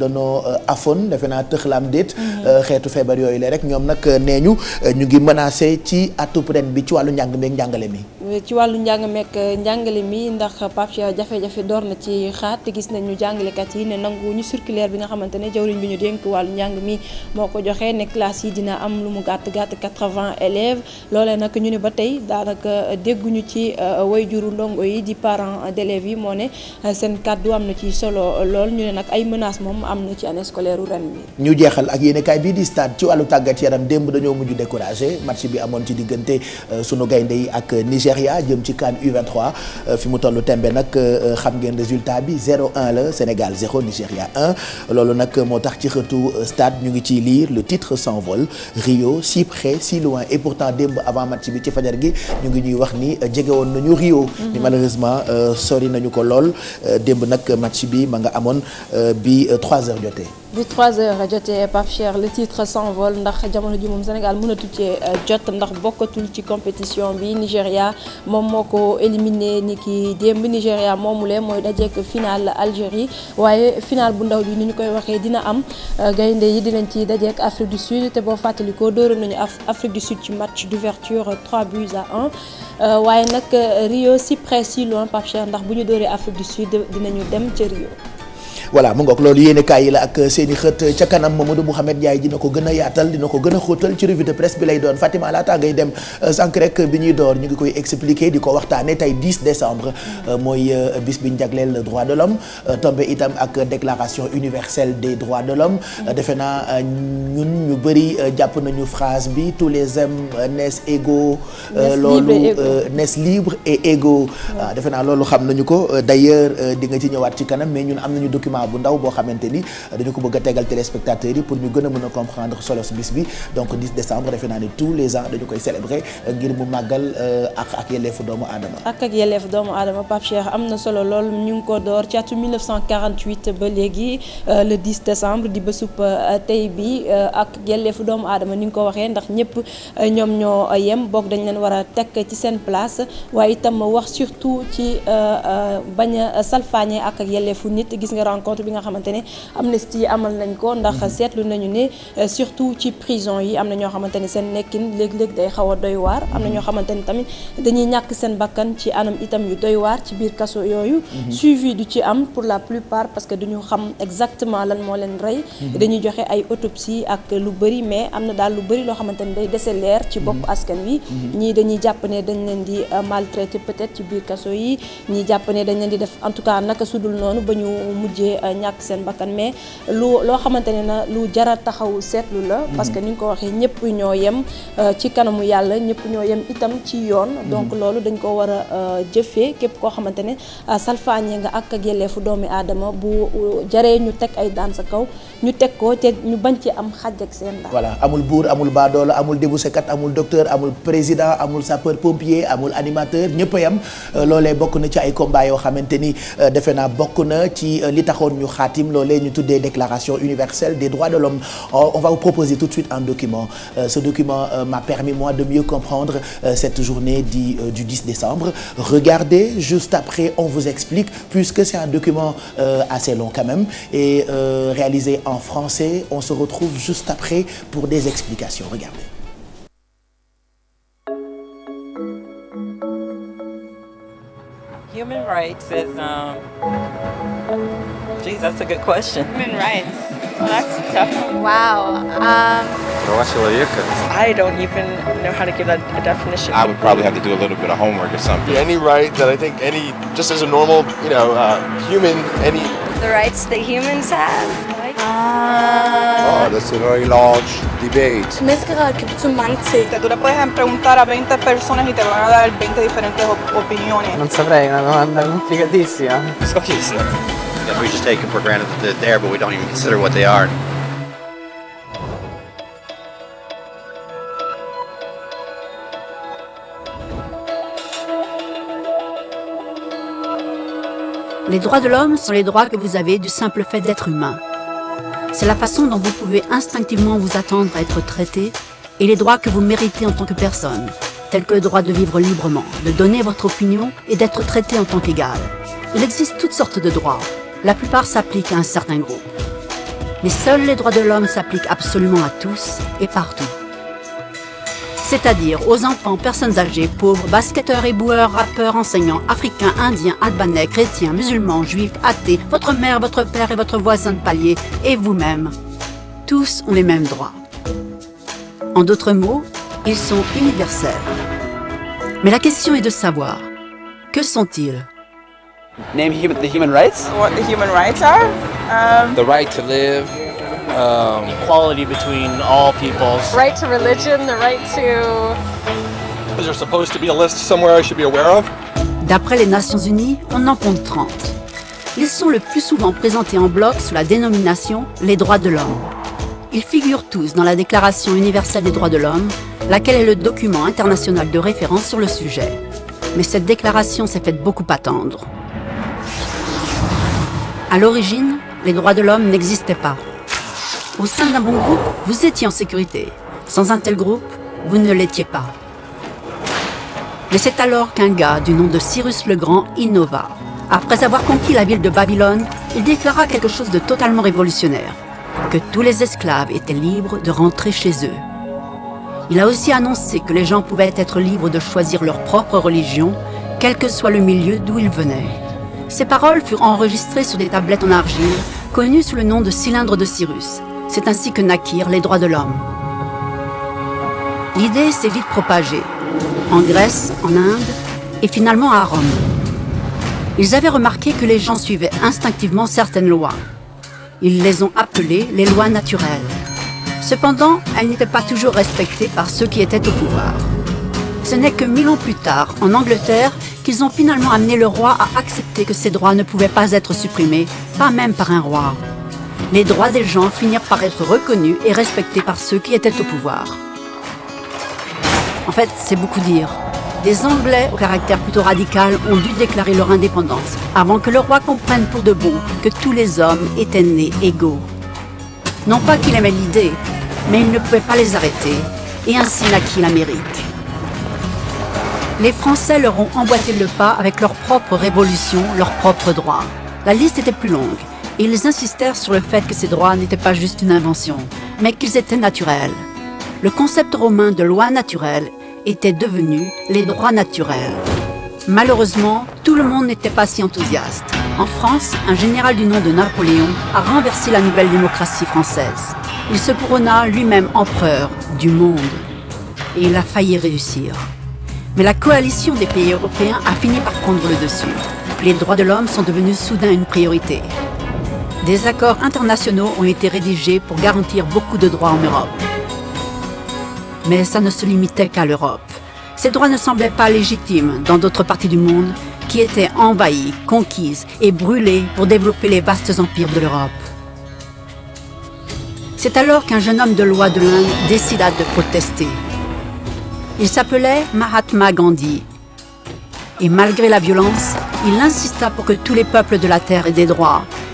danoo afoon defe naa tëx tëxlaam déet mm-hmm. xeetu feebar yooyu le rek ñoom nag nee ñu ñu ngi menacé ci atub ren bi ci wàllu njàng meeg njàngale mi ci wàllu njàng meeg njàngale mi ndax Pape Cheikh jafe-jafe door na ci xaat gis ñu jàngalekat yi ne nangu ñu circulaire bi nga xamante ne jawriñ bi ñu dénk wàllu njàng mi moo ko joxee ne classe yi dina am lu mu gàtt gàtt 80 élèves loole nag ñu ne ba tey daanaka dégguñu ci way juru ndongo yi di parents d'élèves yi moo ne euh, seen kàddu am na ci solo lool ñu ne nag ay menaces moom am na ci année scolaire ren bi ñu jeexal ak yéenekaay bii di stade ci wàllu tàggat yaram démb dañoo mujj découragé match bi amoon ci diggante euh, suñu gaynde yi ak Nigéria jëm ci CAN u euh, fi mu tollu tembe nag xam ngeen résultat bi 0-1 la Sénégal 0 Nigéria 1 loolu nag moo tax ci xëtu stade ñu ngi ci lii le titre s'envole Rio si près si loin et pourtant démb avant match bi ci fajar gi ñu ngi ñuy wax ni jege nañu Rio mm-hmm. ni malheureusement euh, sori nañu ko lool euh, démb nag match bi ma nga amoon euh, bi trois heures jotee. bi 3 heures jotee Pape Cheikh le titre s'envole ndax jamono ji moom Sénégal mënatu cee euh, jot ndax bokkatul ci compétition bi nigeria moom moo ko éliminé ni ki démb Nigéria moomule mooy dajeek final Algérie waaye final bu ndaw bi ni ñu koy waxee dina am euh, gaynde yi dinañ ci dajeek Afrique du Sud te boo fàttalikoo dooroon nañu Afrique du Sud ci match d'ouverture 3 buts à 1 euh, waaye nag Rio si près si loin Pape ndax bu ñu dooree Afrique du Sud dinañu dem ca Rio. voilà mu ngoog loolu yéene kaay yi la ak seen i xët ca kanam Mamadou Mouhamed Ndiaye dina ko gën a yaatal dina ko gën a xóotal ci revue de presse bi lay doon Fatima laata ngay dem euh, sànq bi ñuy door ñu ngi koy expliquer di ko waxtaane tey 10 décembre euh, mooy euh, bis bi ñu jagleel droit de l'homme tombé itam ak déclaration universelle des droits de l'homme defe naa ñun ñu bëri jàpp nañu phrase bi tous les hommes naissent égaux loolu naissent libres et égaux defe naa loolu xam nañu ko d'ailleurs di nga ci ñëwaat ci kanam mais ñun am nañu bilan bu ndaw boo xamante ni dañu ko bëgg a tegal yi pour ñu gën a mën a comprendre solo bis bi donc décembre dañu koy célébrer ngir mu màggal euh, ak ak yelleefu doomu doomu aadama Pape am na solo lool ñu ngi ko door ci ba léegi euh, le décembre di bésub euh, tey bi ak yelleefu doomu aadama ni nga ko waxee ndax ñëpp ñoom ñoo yem boog dañ leen war a teg ci seen place waaye itam wax surtout ci bañ a salfaañe ak ak yelleefu nit gis nga rencontre. rencontre bi nga xamante ne Amnesty amal nañ ko ndax mhm. seetlu nañu ne euh, surtout ci prison yi am na ñoo xamante ne seen nekkin léeg-léeg day xaw a doy waar am na mhm. ñoo xamante ne tamit dañuy ñàkk seen bakkan ci anam itam yu doy waar ci biir kaso yooyu mhm. suivi du ci am pour la plupart parce que duñu xam exactement lan moo leen rey dañuy joxe ay autopsie ak lu bëri mais am na daal lu bëri loo xamante ne day dese leer ci bopp askan wi ñii dañuy jàpp ne dañ leen di euh, maltraité peut-être ci biir kaso yi ñii jàpp ne dañ leen di def en tout cas naka mujjee euh, ñàkk seen bakkan mais lu loo xamante ne na lu jara taxaw seetlu la mhm. parce que ni nga ko waxee ñëpp ñoo yem euh, ci kanamu yàlla ñëpp ñoo yem itam ci yoon mhm. donc loolu dañ ko war a euh, jëfee képp koo xamante ne salfaañee nga ak ak yelleefu doomi aadama bu jaree ñu teg ay daan sa kaw ñu teg ko te ñu bañ ci am xaj ak seen daan voilà amul buur amul baadoola amul débusekat amul docteur amul président amul sapeur pompier amul animateur ñëpp a yem loolee bokk na ci ay combat taxoon ñu xaatim loolee ñu tuddee déclaration universelle des droits de l'homme euh, on va vous proposer tout de suite un document euh, ce document euh, m'a permis moi de mieux comprendre cette journée du du 10 décembre regardez juste après on vous explique puisque c'est un document assez long quand même et réalisé en français on se retrouve juste après pour des explications regardez human rights is, um, geez, that's a good question. Human rights. Well, that's tough. Wow. Um, I don't even know how to give that a definition. I would probably have to do a little bit of homework or something. Any right that I think any, just as a normal, you know, uh, human, any. The rights that humans have. Ah. Oh, that's a very large debate. Tienes que saber que es un mindset. Tú le puedes eh, preguntar a 20 personas y te van a dar 20 diferentes op opinioni. Non saprei, è una domanda complicatissima. Difficilissima. Because we just take it for granted that they're there, but we don't even consider what they are. Les droits de l'homme sont les droits que vous avez du simple fait d'être humain. c'est la façon dont vous pouvez instinctivement vous attendre à être traité et les droits que vous méritez en tant que personne, tels que le droit de vivre librement, de donner votre opinion et d'être traité en tant qu'égal. Il existe toutes sortes de droits. La plupart s'appliquent à un certain groupe. Mais seuls les droits de l'homme s'appliquent absolument à tous et partout. c'est-à-dire aux enfants, personnes âgées, pauvres, basketteurs, éboueurs, rappeurs, enseignants, africains, indiens, albanais, chrétiens, musulmans, juifs, athées, votre mère, votre père et votre voisin de palier, et vous-même. Tous ont les mêmes droits. En d'autres mots, ils sont universels. Mais la question est de savoir, que sont-ils the human rights? are? Um, the right to live. um, equality between all peoples. Right to religion, I should be aware of? D'après les Nations Unies, on en compte Ils sont le plus souvent présentés en bloc sous la dénomination les droits de l'homme. Ils figurent tous dans la Déclaration universelle des droits de l'homme, laquelle est le document international de référence sur le sujet. Mais cette déclaration s'est faite beaucoup attendre. À l'origine, les droits de l'homme n'existaient pas. Au sein d'un bon groupe, vous étiez en sécurité. Sans un tel groupe, vous ne l'étiez pas. Mais c'est alors qu'un gars du nom de Cyrus le Grand innova. Après avoir conquis la ville de Babylone, il déclara quelque chose de totalement révolutionnaire, que tous les esclaves étaient libres de rentrer chez eux. Il a aussi annoncé que les gens pouvaient être libres de choisir leur propre religion, quel que soit le milieu d'où ils venaient. Ces paroles furent en C'est ainsi que naquirent les droits de l'homme. L'idée s'est vite propagée, en Grèce, en Inde et finalement à Rome. Ils avaient remarqué que les gens suivaient instinctivement certaines lois. Ils les ont appelées les lois naturelles. Cependant, elles n'étaient pas toujours respectées par ceux qui étaient au pouvoir. Ce n'est que mille ans plus tard, en Angleterre, qu'ils ont finalement amené le roi à accepter que ces droits ne pouvaient pas être supprimés, les droits des gens finirent par être reconnus et respectés par ceux qui étaient au pouvoir. En fait, c'est beaucoup dire. Des Anglais au caractère plutôt radical ont dû déclarer leur indépendance avant que le roi comprenne pour de bon que tous les hommes étaient nés égaux. Non pas qu'il aimait l'idée, mais il ne pouvait pas les arrêter, et ainsi naquit l'Amérique. Les Français leur ont emboîté le pas avec leur propre révolution, leurs propres droits. Ils insistèrent sur le fait que ces droits n'étaient pas juste une invention, mais qu'ils étaient naturels. Le concept romain de loi naturelle était devenu les droits naturels. Malheureusement, tout le monde n'était pas si enthousiaste. En France, un général du nom de Napoléon a renversé la nouvelle démocratie française. Il se couronna lui-même empereur du monde. Et il a failli réussir. Mais la coalition des pays européens a fini par prendre le dessus. Les Des accords internationaux ont été rédigés pour garantir beaucoup de droits en Europe. Mais ça ne se limitait qu'à l'Europe. Ces droits ne semblaient pas légitimes dans d'autres parties du monde qui étaient envahies, conquises et brûlées pour développer les vastes empires de l'Europe. C'est alors qu'un jeune homme de loi de l'Inde décida de protester. Il s'appelait Mahatma Gandhi. Et malgré la violence, il insista pour que tous les peuples de la Terre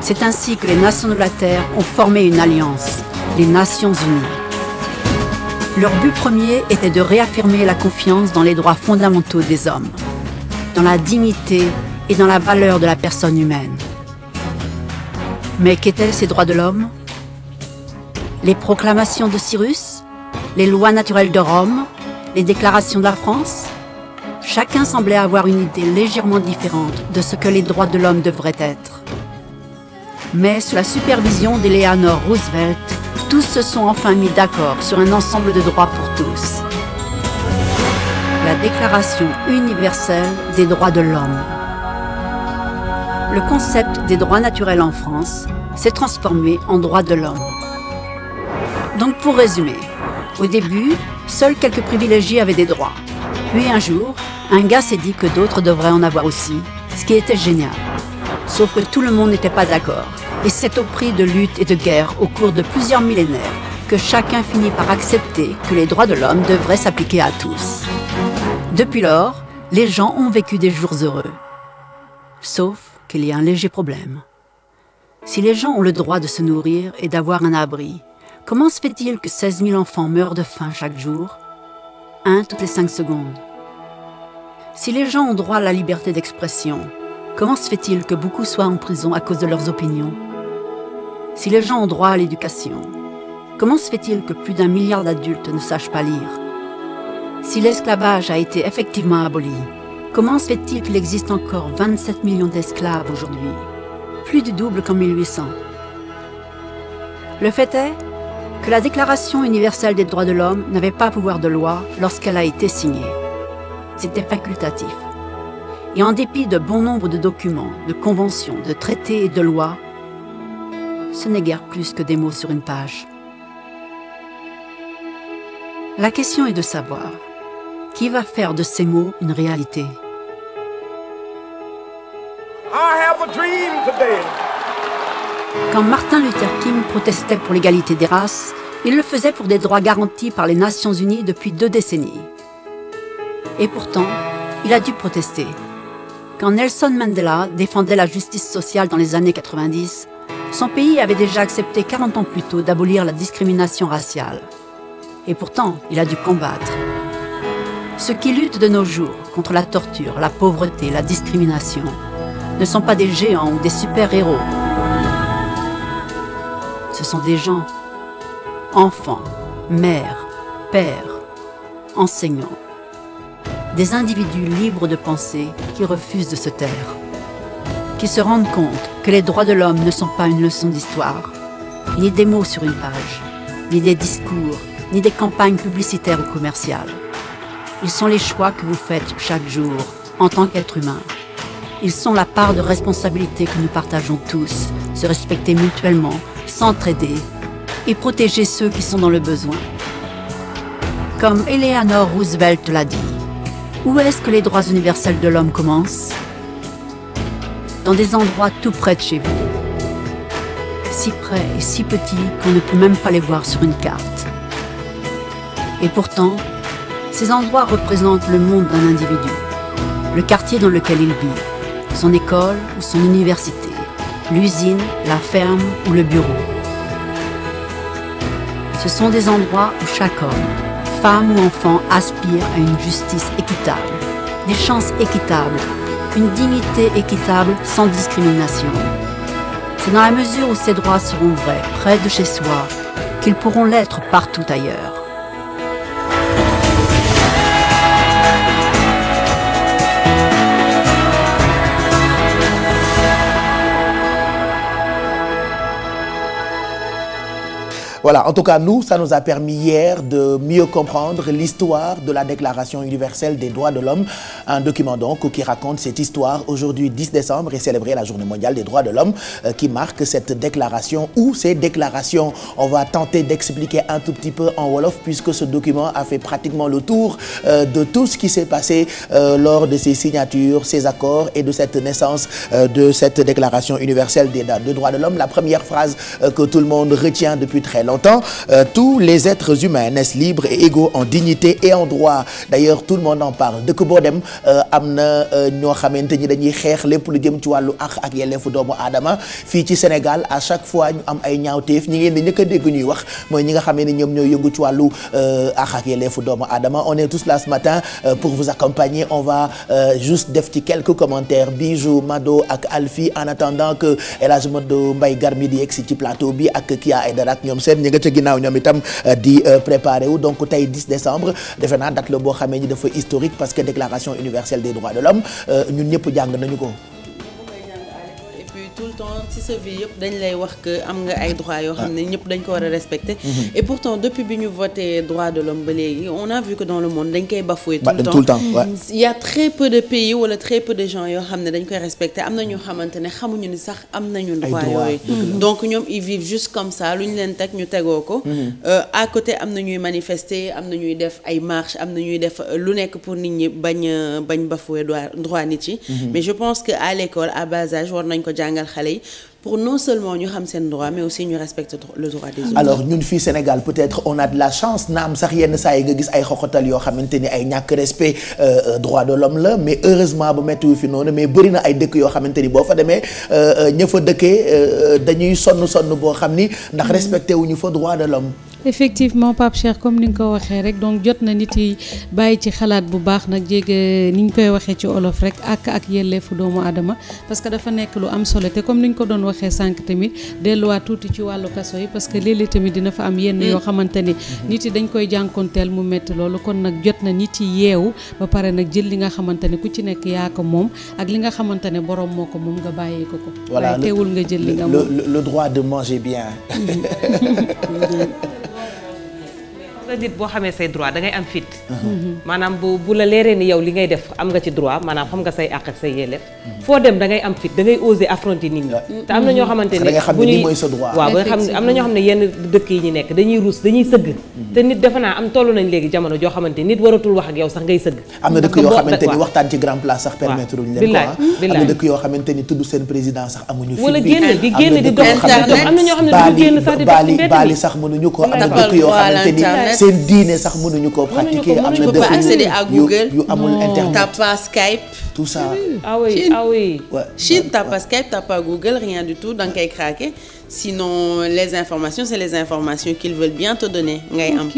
C'est ainsi que les nations de la Terre ont formé une alliance, les Nations Unies. Leur but premier était de réaffirmer la confiance dans les droits fondamentaux des hommes, dans la dignité et dans la valeur de la personne humaine. Mais qu'étaient ces droits de l'homme Les proclamations de Cyrus Les lois naturelles de Rome Les déclarations de la France Chacun semblait avoir une idée légèrement différente de ce que les droits de l'homme devraient être. Mais sous la supervision d'Eleanor Roosevelt, tous se sont enfin mis d'accord sur un ensemble de droits pour tous. La Déclaration universelle des droits de l'homme. Le concept des droits naturels en France s'est transformé en droits de l'homme. Donc pour résumer, au début, seuls quelques privilégiés avaient des droits. Puis un jour, un gars s'est dit que d'autres devraient en avoir aussi, ce qui était génial. Sauf tout le monde n'était pas d'accord. Et c'est au prix de luttes et de guerres au cours de plusieurs millénaires que chacun finit par accepter que les droits de l'homme devraient s'appliquer à tous. Depuis lors, les gens ont vécu des jours heureux. Sauf qu'il y a un léger problème. Si les gens ont le droit de se nourrir et d'avoir un abri, comment se fait-il que 16 000 enfants meurent de faim chaque jour Un toutes les 5 secondes. Si les gens ont droit à Comment se fait-il que beaucoup soient en prison à cause de leurs opinions Si les gens ont droit à l'éducation, comment se fait-il que plus d'un milliard d'adultes ne sachent pas lire Si l'esclavage a été effectivement aboli, comment se fait-il qu'il existe encore 27 millions d'esclaves aujourd'hui Plus du double qu'en Le fait est que la Déclaration universelle des droits de l'homme n'avait pas pouvoir de loi lorsqu'elle a été signée. C'était Et en dépit de bon nombre de documents, de conventions, de traités et de lois, ce n'est guère plus que des mots sur une page. La question est de savoir qui va faire de ces mots une réalité. Quand Martin Luther King protestait pour l'égalité des races, il le faisait pour des droits garantis par les Nations Unies depuis deux décennies. Et pourtant, il a dû protester Quand Nelson Mandela défendait la justice sociale dans les années 90, son pays avait déjà accepté 40 ans plus tôt d'abolir la discrimination raciale. Et pourtant, il a dû combattre. Ceux qui luttent de nos jours contre la torture, la pauvreté, la discrimination, ne sont pas des géants ou des super-héros. Ce sont des gens, enfants, mères, pères, enseignants, des individus libres de pensée qui refusent de se taire, qui se rendent compte que les droits de l'homme ne sont pas une leçon d'histoire, ni des mots sur une page, ni des discours, ni des campagnes publicitaires ou commerciales. Ils sont les choix que vous faites chaque jour en tant qu'être humain. Ils sont la part de responsabilité que nous partageons tous, se respecter mutuellement, s'entraider et protéger ceux qui sont dans le besoin. Comme Eleanor l'a dit, Où est-ce que les droits universels de l'homme commencent Dans des endroits tout près de chez vous. Si près et si petits qu'on ne peut même pas les voir sur une carte. Et pourtant, ces endroits représentent le monde d'un individu, le quartier dans lequel il vit, son école ou son université, l'usine, la ferme ou le bureau. Ce sont des endroits où chaque homme, femmes ou enfants aspirent à une justice équitable, des chances équitables, une dignité équitable sans discrimination. C'est dans la mesure où ces droits seront vrais, près de chez soi, qu'ils pourront l'être partout ailleurs. Voilà, en tout cas, nous, ça nous a permis hier de mieux comprendre l'histoire de la Déclaration universelle des droits de l'homme, un document donc qui raconte cette histoire. Aujourd'hui, décembre, est célébrée la Journée mondiale des droits de l'homme euh, qui marque cette déclaration ou ces déclarations. On va tenter d'expliquer un tout petit peu en wolof puisque ce document a fait pratiquement le tour euh, de tout ce qui s'est passé euh, lors de ces signatures, de cette naissance euh, que tout le monde retient depuis très longtemps, euh, tous les êtres humains naissent libres et égaux en dignité et en droit. D'ailleurs, tout le monde en parle. Dëkk boo dem euh, am na euh, ñoo xamante ni dañuy xeex lépp lu jëm ci wàllu àq ak yelleefu doomu aadama fii ci Sénégal à chaque fois ñu am ay ñaawteef ñi ngeen di njëkk a ñuy wax mooy ñi nga xam ne ñoom ñooy yëngu ci wàllu euh, àq ak fu doomu aadama on est tous là ce matin pour vous accompagner on va juste def ci quelques commentaires Bijou Mado ak Alfi en attendant que El Hadj Modou Mbaye Garmi di yegg bi ñi nga ca ginnaaw ñoom itam euh, di euh, préparé wu donc tey 10 décembre defe naa date la boo xamee ñi dafa historique parce que déclaration universelle des droits de l'homme euh, ñun ñëpp jàng nañu ko ci sa vie yëpp dañ lay wax que am nga ay droits yoo xam ne ah. ñëpp dañ ko war a respecter. Mm-hmm. et pourtant depuis bi ñu voté droit de l'homme ba léegi on a vu que dans le monde dañ koy bafouer tout le temps tout le temps il mm, y a très peu de pays wala très peu de gens yoo xam ne dañ koy respecter am na ñoo xamante ne xamuñu ni sax am nañu droit yooyu donc ñoom ils vivent juste comme ça lu ñu leen teg ñu tegoo ko mm-hmm. euh, à côté am na ñuy manifester am na ñuy def ay marches am na ñuy def euh, lu nekk pour nit ñi bañ bañ bafouer droit nit yi mm-hmm. mais je pense que à l'école à bas nañ ko jàngal xale yi pour non seulement ñu xam seen droit mais aussi ñu respecter le droit des autres. alors ñun fii Sénégal peut-être on a de la chance naam sax yenn saa yi nga gis ay xoxotal yoo xamante ni ay ñàkk respect euh, euh, droit de l'homme la mais heureusement ba métti wu fi noonu mais bëri ay dëkk yoo xamante ni boo fa demee euh, ña fa dëkkee dañuy sonn sonn boo xam ni ndax mm-hmm. respecté wuñu fa droit de l'homme effectivement Pape Cheikh comme ni nga ko waxee rek donc jot na nit yi bàyyi ci xalaat bu baax nag jéeg euh, ni ñu koy waxee ci olof rek ak ak yelleefu doomu aadama parce que dafa nekk lu am solo te comme ni ñu ko doon waxee sànq tamit delluwaat tuuti ci wàllu kaso yi parce que léeg tamit dina fa am yenn yoo mm. xamante ni mm-hmm. nit yi dañ koy jànkoonteel mu metti loolu kon nag jot na nit yi yeewu ba pare nag jël li nga xamante ne ku ci nekk yaa ko moom ak li nga xamante ne borom moo ko moom nga bàyyee ko ko. voilà teewul nga jël li nga moom le droit de la nit boo xamee say droit da ngay am fit mhm. maanaam bu bu la leeree ni yow li ngay def am nga ci droit maanaam xam nga say àq say yelleef foo dem da am fit da ngay oser affronter te am na ñoo xamante ne bu ñuy waaw ba nga xam am na ñoo xam ne yenn dëkk yi ñu nekk dañuy ruus dañuy sëgg mhm. te nit defe naa am toll nañ léegi jamono joo xamante nit waratul am na dëkk yoo xamante ni waxtaan ci ko am na dëkk yoo xamante ni tudd seen président am na ñoo xam ne duñu génn sax di dox ci mbedd mi baali sax mënuñu ko am na seen diine sax mënuñu koo pratiquer am na accéder à Google yu amul internet t'as pas Skype tout ça ah oui ah oui Chine ah t'as pas Skype t'as pas Google rien du tout danga koy craquer sinon les informations c'est les informations qu'ils veulent bien te donner ngay am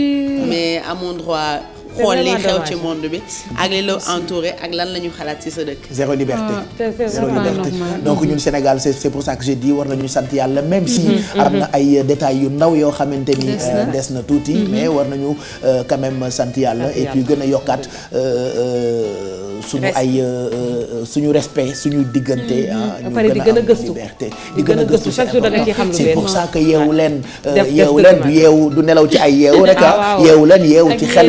mais à mon droit xool li xew ci monde bi ak li la entouré ak lan la ñu xalaat ci sa dëkk. zéro liberté ah, zéro liberté donc ñun Sénégal c' est pour ça que je dis war yàlla même si. Mm-hmm. Mm-hmm. am na ay détails yu ndaw yoo xamante ni. des na euh, tuuti mm-hmm. mais war nañu euh, quand même sant yàlla et puis gën a yokkaat euh, suñu ay suñu respect suñu diggante. Ah, gën a am liberté di gën a gëstu chaque jour xam lu c'est pour ça que yeewu leen. yeewu leen yeewu du nelaw ci ay yeewu rek ah. yeewu leen yeewu ci xel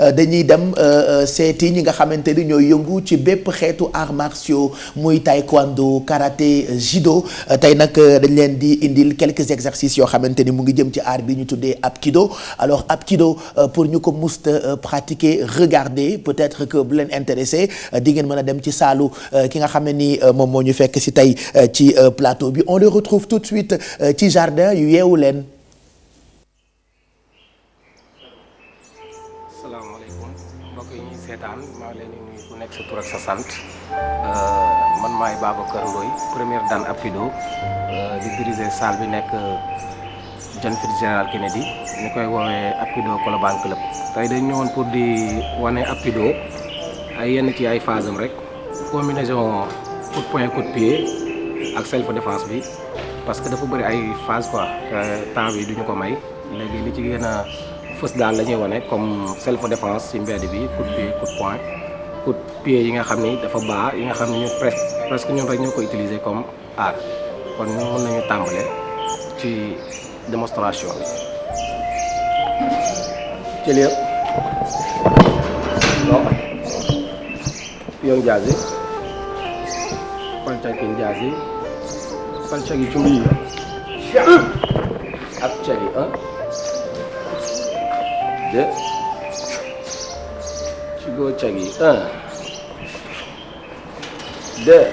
Euh, dañuy dem euh, euh, seeti ñi nga xamante ni ñooy yëngu ci bépp xeetu arts martiaux muy taekwondo karaté judo tey nag dañ leen di indil quelques exercices yoo xamante ni mu ngi jëm ci art bi ñu tuddee Apkido alors kido pour ñu ko musta pratiquer regarder peut-être que bu leen intéressé di ngeen mën a dem ci saalu ki nga xam ne ni moom moo ñu fekk si tey ci plateau bi on le retrouve tout de suite ci jardin yu yeewu leen tur ak sa sant euh, man maay Babacar Ndoye première dame Afido euh, di diriger salle bi nekk euh, John Fitzgerald Kennedy ñu koy woowee Afido Colobane Club. tey dañ ñëwoon pour di wane Afido yenn ci ay phase am rek combinaison coup de poing coup de pied ak self bi parce que dafa bëri ay phase quoi temps bi duñu ko may léegi li ci gën fës daal la ñuy wane comme self défense ci mbedd bi coup de ut pieds yi nga xam ni dafa baax yi nga xam ne ñu presque presque ñun rek ñoo ko utiliser comme art kon ñu mën nañu tàmbale ci démonstration bi ci lieu donc pion yi ak go cagi un deux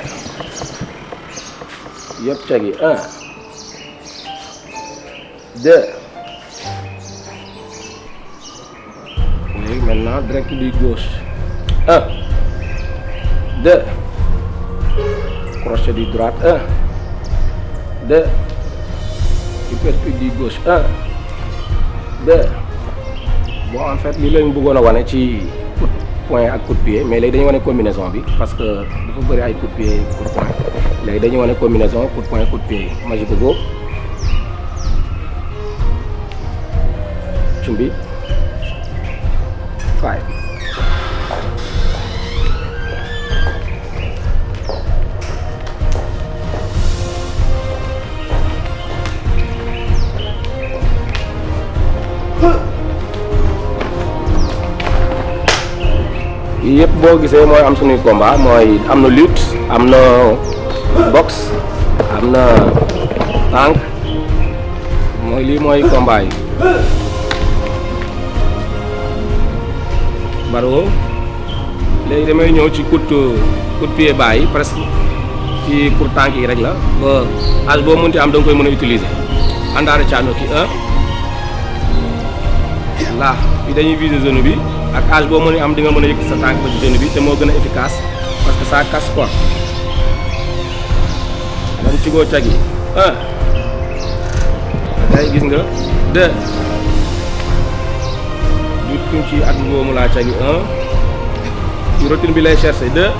yëpp cagi un deux léegi maintenant direct du gauche un uh. deux crochet du droite uh. un deux uppercut du gauche un uh. deux bon en fait li lañ bëggoon a wane ci point ak coup de pied mais léegi dañu wane combinaison bi parce que dafa bëri ay coup de pied coup de point léegi dañu wane combinaison coup de point coup de pied magie de boobu cumbi yëpp boo gisee mooy am suñuy combat mooy am na lutte am na boxe am na tànk mooy lii mooy combat yi Bargo léegi damay ñëw ci coup coup pied bas yi presque ci pour tànk yi rek la ba âge boo mënti am da koy mën a utilise àndaare caano ki un voilà bi dañuy viser genou bi ak âge boo mën a am di nga mën a yëkk sa tànk ba ci bi te moo gën a efficace parce que ça casse pas dan ci goo cagi un gis nga deux du tum ci at boobu laa cagi un ci routine bi lay cherché deux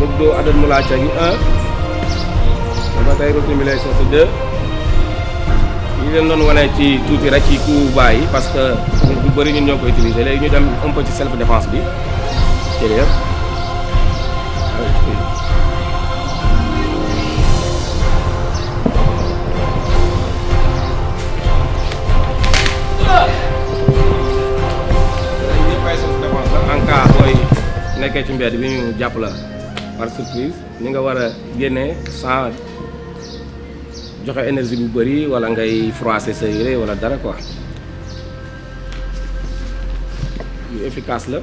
bëg doo adat mu laa cagi un ba tey routine bi lay cherché deux ñu leen doon wanee ci tuuti rek ci coup bas yi parce que bu bëri ñun ñoo koy utilisé léegi ñu dem un peu ci self défense bi ci lépp nekkee ci mbedd bi ñu jàpp la par surprise ñi nga war a génnee joxe énergie bu bëri wala ngay froisser sa yére wala dara quoi yu efficace la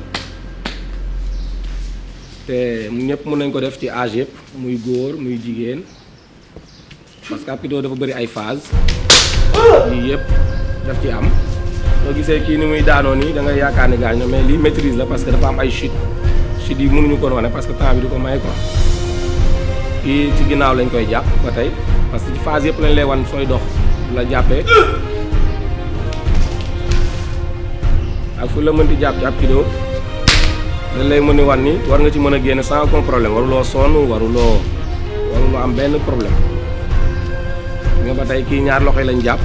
te ñëpp mun nañ ko def ci âge yëpp muy góor muy jigéen parce que Rapido dafa bari ay phase yii yëpp daf ci am soo gisee kii ni muy daanoo nii da ngay yaakaar ne gaañ mais lii maîtrise la parce que dafa am ay chute chute yi mënuñu ko wane parce que temps bi du ko may quoi kii ci ginnaaw lañ koy jàpp ba tey parce que phase yëpp lañ lay wan sooy dox la jàppee ak fu la mënti jàpp jàpp kiddo dañ lay mën a wan ni war nga ci mën a génn sans aucun problème waruloo sonn waruloo waruloo am benn problème nga ba tey kii ñaar loxo yi lañ jàpp.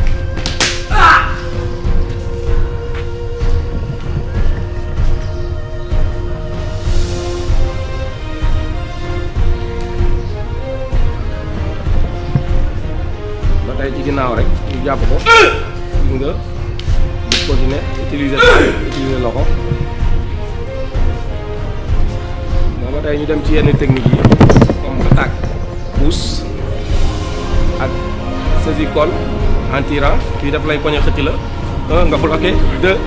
ginnaaw rek ñu jàpp ko gis nga di continuer utiliser utiliser loxo moo ma tey ñu dem ci yenn technique yi comme attaque pousse ak saisie colle en tirant daf lay koñe xëcc la nga bloqué deux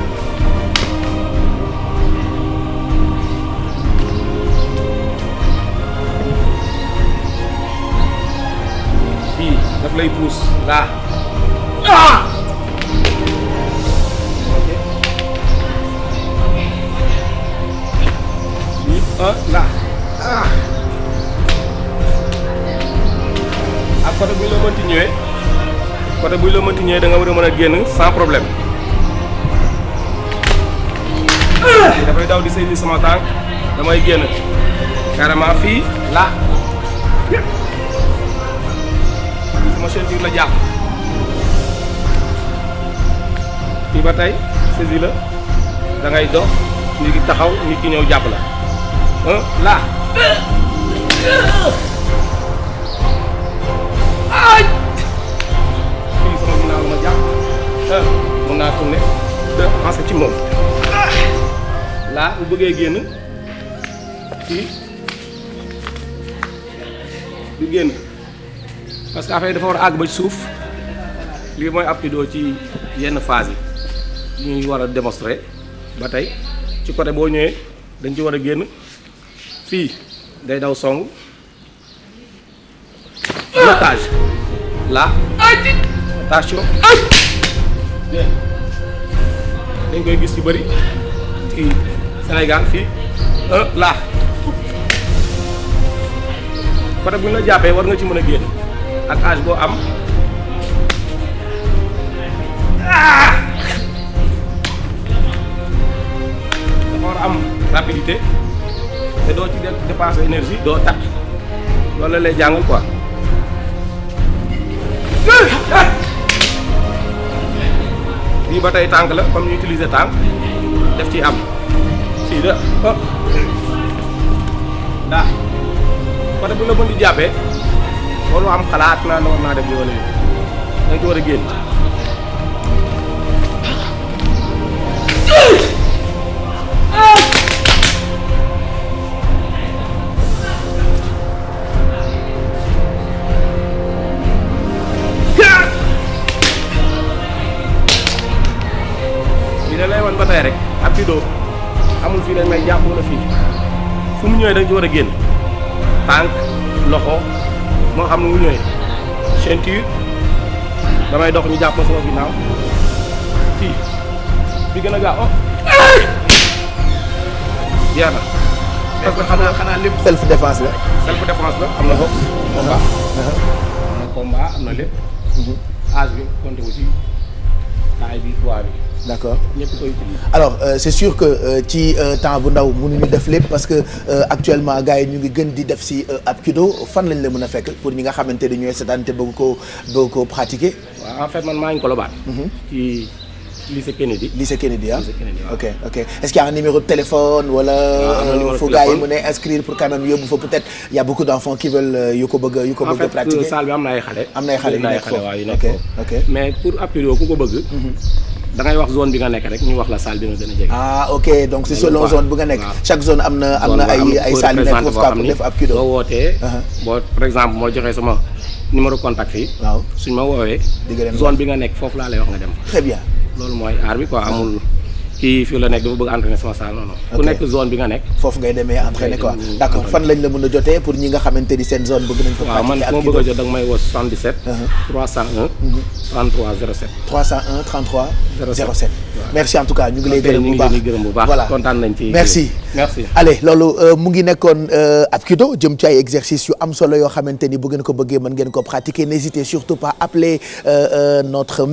daf lay puus laa ah. Euh, laa ak ah! côté bu ñu la mënti ñëwee côté bu ñu mënti ñëwee da nga war a mën a génn sans problème. Ah! dafay daw di sëy sama tànk damay génn carrément fii laa. machine bi la jàpp fii ba tey saisi la da dox nit ki taxaw nit ki jàpp la un là fii sama ginnaaw la jàpp mun naa tourner deux parce que ci moom là bu bëggee génn fii du génn parce que affaire dafa war a àgg ba ci suuf lii mooy aptido ci yenn phase yi ñuy war a démontrer ba tey ci côté boo ñëwee dañ ci war a génn fii day daw song blocage là attention dañ koy gis ci bari ci Sénégal fii un euh, là bu ñu la jàppee war nga ci mën a génn ak âge boo am dafa am rapidité te doo ci def dépenser énergie doo tàq loolu la lay jàngal quoi. lii ba tey tànk la comme ñu tànk def ci am si da ah ndax bu la mën di jàppee. loolu am xalaat naa ne war naa def yow léegi dañ ci war a génn. amul fii dañ may jàpp wala fii fu mu ñëwee dañ ci war a génn tànk loxo moo xam ne mu ñëwee ceinture damay dox ñu jàpp ma sama ginnaaw fii bi gën a gaaw oh. jeex na parce xanaa xanaa lépp self défense la self défense la am na bopp combat am na combat am na lépp mhm. âge bi compté aussi taille bi poids bi d' accord alors euh, c' est sûr que euh, ci euh, temps bu ndaw mënuñu def lépp parce que euh, actuellement gars yi ñu ngi gën di def si euh, ab kido fan lañ la mun a fekk pour ñi nga xamante ni ñooy seetaan te bëgg ko bëgg en fait man maa ngi ko la baat. ci lycée Kennedy. lycée Kennedy ah ok ok est ce qu' y a un de téléphone wala. waaw ah, fu gars yi a inscrire pour quand même yóbbu peut être y' beaucoup d' qui veulent yu ko bëgg yu ko bëgg a. pratiquer bi am na ay xale. am na ay xale yu mais pour ab kido ku ko bëgg. Mhm. da wax zone bi nga nekk rek ñu wax la salle bi nga gën a jege. ah ok donc c'est selon zone bu nga nekk. chaque zone am na am na ay ay salle yu nekk foofu kaa pour def boo wootee. Uh-huh. boo par exemple moo joxee sama numéro contact fii. waaw suñ ma woowee. zone bi nga nekk foofu laa lay wax nga dem. très bien. loolu mooy aar bi quoi amul. kii fii la nekk dafa bëgg a entraîner sama salle non non ku nekk zone bi nga nekk foofu ngay demee entraîner quoi d'accord fan lañ la mën a jotee pour ñi nga xamante ni seen zone bëgg nañ ko waaw man ku ma bëgg a jot da nga may woo 77 301 33 07 merci en tout cas ñu ngi lay gërëm bu baax voilà kontaan nañ ci merci merci loolu euh, mu ngi nekkoon euh, ab kido jëm ci ay exercice yu am solo yoo xamante ni bu ngeen ko bëggee man ngeen ko pratiquer n'hésitez surtout pas appeler euh, notre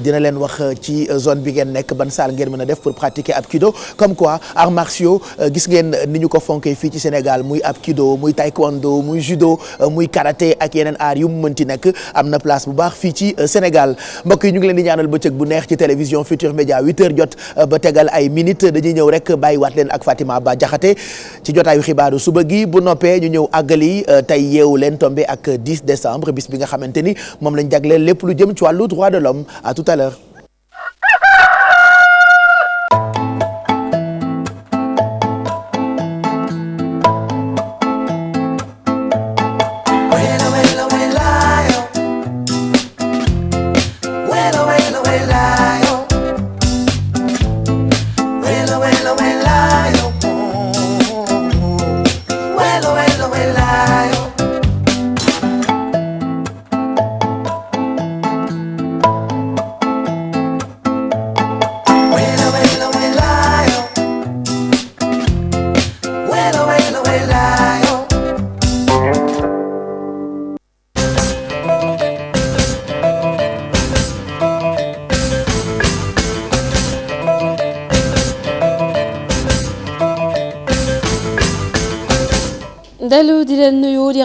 dina leen wax ci zone bi ngeen nekk ban salle ngeen mën a def pour pratiquer ab kido comme quoi arts martiaux gis ngeen ni ñu ko fonkee fii ci Sénégal muy ab kido muy taekwondo muy judo muy karaté ak yeneen aar yu mu mënti nekk am na place bu baax fii ci Sénégal mbokk yi ñu ngi leen di ñaanal bëccëg bu neex ci télévision Futur Futurs Médias 8 jot euh, ba tegal ay minutes dañuy ñëw rek bàyyiwaat leen ak Fatima Ba Diakhaté ci jotaayu xibaaru suba gi bu noppee ñu ñëw àggali euh, tey yeewu leen tombé ak 10 décembre bis bi nga xamante ni moom lañ jagleel lépp lu jëm ci wàllu droit de l'homme à tout à l'heure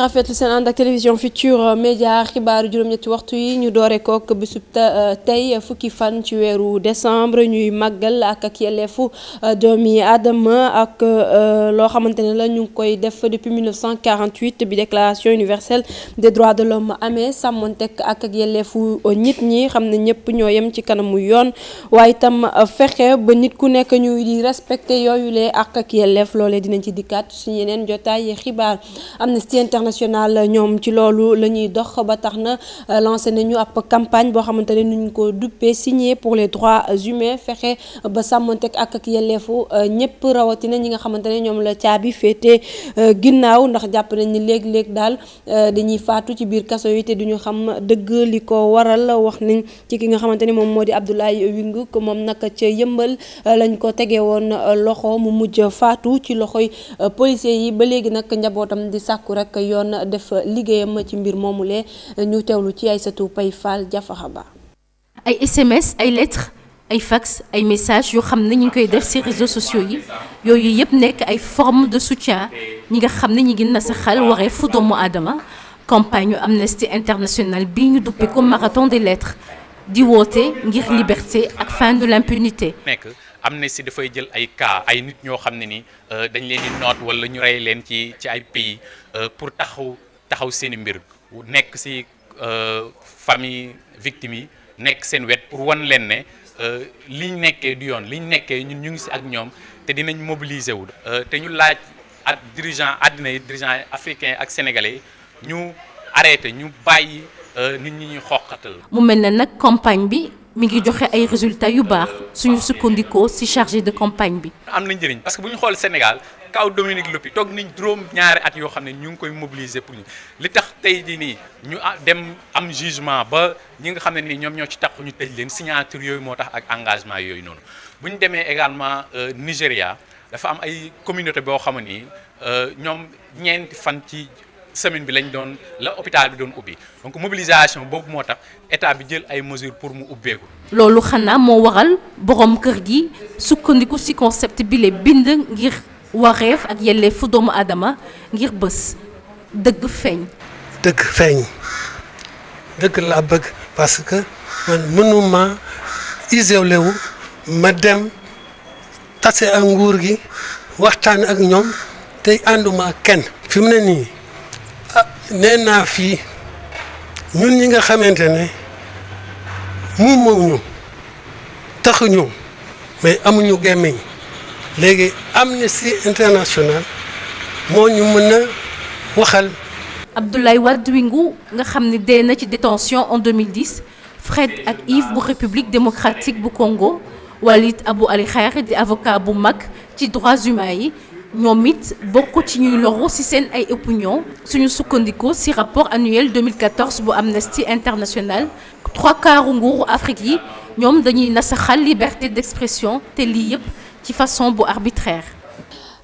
rafetlu seen ànd ak télévision Futurs Médias xibaaru juróom-ñetti waxtu yi ñu doore kook bisub euh, tey fukki fan ci weeru décembre ñuy màggal ak ak yelleefu euh, doomi aadama ak euh, loo xamante ne la ñu ngi koy def depuis 1948 bi déclaration universelle des droits de l'homme amee sàmmontek ak ak yelleefu nit ñi xam ne ñëpp ñoo yem ci kanamu yoon waaye itam fexe ba nit ku nekk ñu di respecté yooyu lee ak ak yelleef loolee dinañ ci dikkaat suñ yeneen jotaay xibaar Amnesty International nationale ñoom ci loolu la ñuy dox ba tax na euh, lancé nañu ab campagne boo xamante ne nuñ ko duppee signé pour les droits humains fexe ba sàmmanteeg ak ak yelleefu euh, ñëpp rawatina ñi nga xamante ne ñoom la caabi féete euh, ginnaaw ndax jàpp nañ ni léeg-léeg daal dañuy faatu ci biir kaso yi te duñu xam dëgg li ko waral wax nañ ci ki nga xamante ne moom moo di Abdoulaye Winguk moom nag ca yëmbal lañ ko tegee woon loxo mu mujj faatu ci loxoy policier yi ba léegi nag njabootam di sàkku yoon yoon def liggéeyam ci mbir moomule ñu teewlu ci Aïssatou Pay Fall Jafaxa Ba ay SMS ay lettres ay fax ay messages yoo xam ne ñu ngi koy def ci réseaux sociaux yi yooyu yëpp nekk ay formes de soutien ñi nga xam ne ñi ngi nasaxal waree fu doomu aadama campagne Amnesty internationale bi ñu duppee ko marathon des lettres di woote ngir liberté ak fin de l'impunité nekk am si dafay jël ay kaa ay nit ñoo xam ne ni euh, dañ leen di noot wala ñu rey leen ci ci ay pays euh, pour taxaw taxaw seen i mbir nekk si euh, fami victime yi nekk seen wet pour wan leen ne liñ nekkee du yoon liñ nekkee ñun ñu ngi si ak ñoom te dinañ mobiliser wu te ñu laaj ak dirigeant àddina yi dirigeant africain ak sénégalais ñu arrêté ñu bàyyi Euh, nit ñi ñuy xoqatal. mu mel ne nag campagne bi mi ngi joxe ay résultats yu baax suñu sukkandikoo ci chargé de campagne bi. am na njëriñ parce que bu ñu xool Sénégal kaw Dominique Lopi toog nañ juróom ñaari at yoo xam ne ñu ngi koy mobiliser pour ñu li tax tey jii nii ñu a ah, dem am jugement ba ñi nga xam ne nii ñoom ñoo ci taxu ñu tëj leen signature yooyu moo tax ak engagement yooyu noonu bu ñu demee également euh, Nigéria dafa am ay communauté boo xam ne nii euh, ñoom semaine bi lañu doon la hôpital bi doon ubbi donc mobilisation boobu moo tax état bi jël ay mesures pour mu ubbeeku. loolu xanaa moo waral borom kër gi sukkandiku ci concept bi bind ngir wareef ak fu doomu aadama ngir bés dëgg feeñ. dëgg feeñ dëgg laa bëgg parce que man mënuma isolé wu ma dem tase ak nguur gi waxtaan ak ñoom te ànduma ak kenn fi mu ne nii. nee naa fii ñun ñi nga xamante ne mu taxuñu mais amuñu gémmiñ léegi Amnesty International moo ñu mën a waxal. Abdoulaye Wade Wingu nga xam ni dee na ci détention en 2010 Fred ak Yves bu République démocratique bu Congo Walid Abou Ali Khair di avocat bu mag ci droits humains yi. ñoom it bokk ci ñuy loru ci seen ay opinion suñu sukkandiku ci rapport annuel 2014 bu Amnesty International trois quarts nguuru Afrique yi ñoom dañuy nasaxal liberté d'expression te lii yëpp ci façon bu arbitraire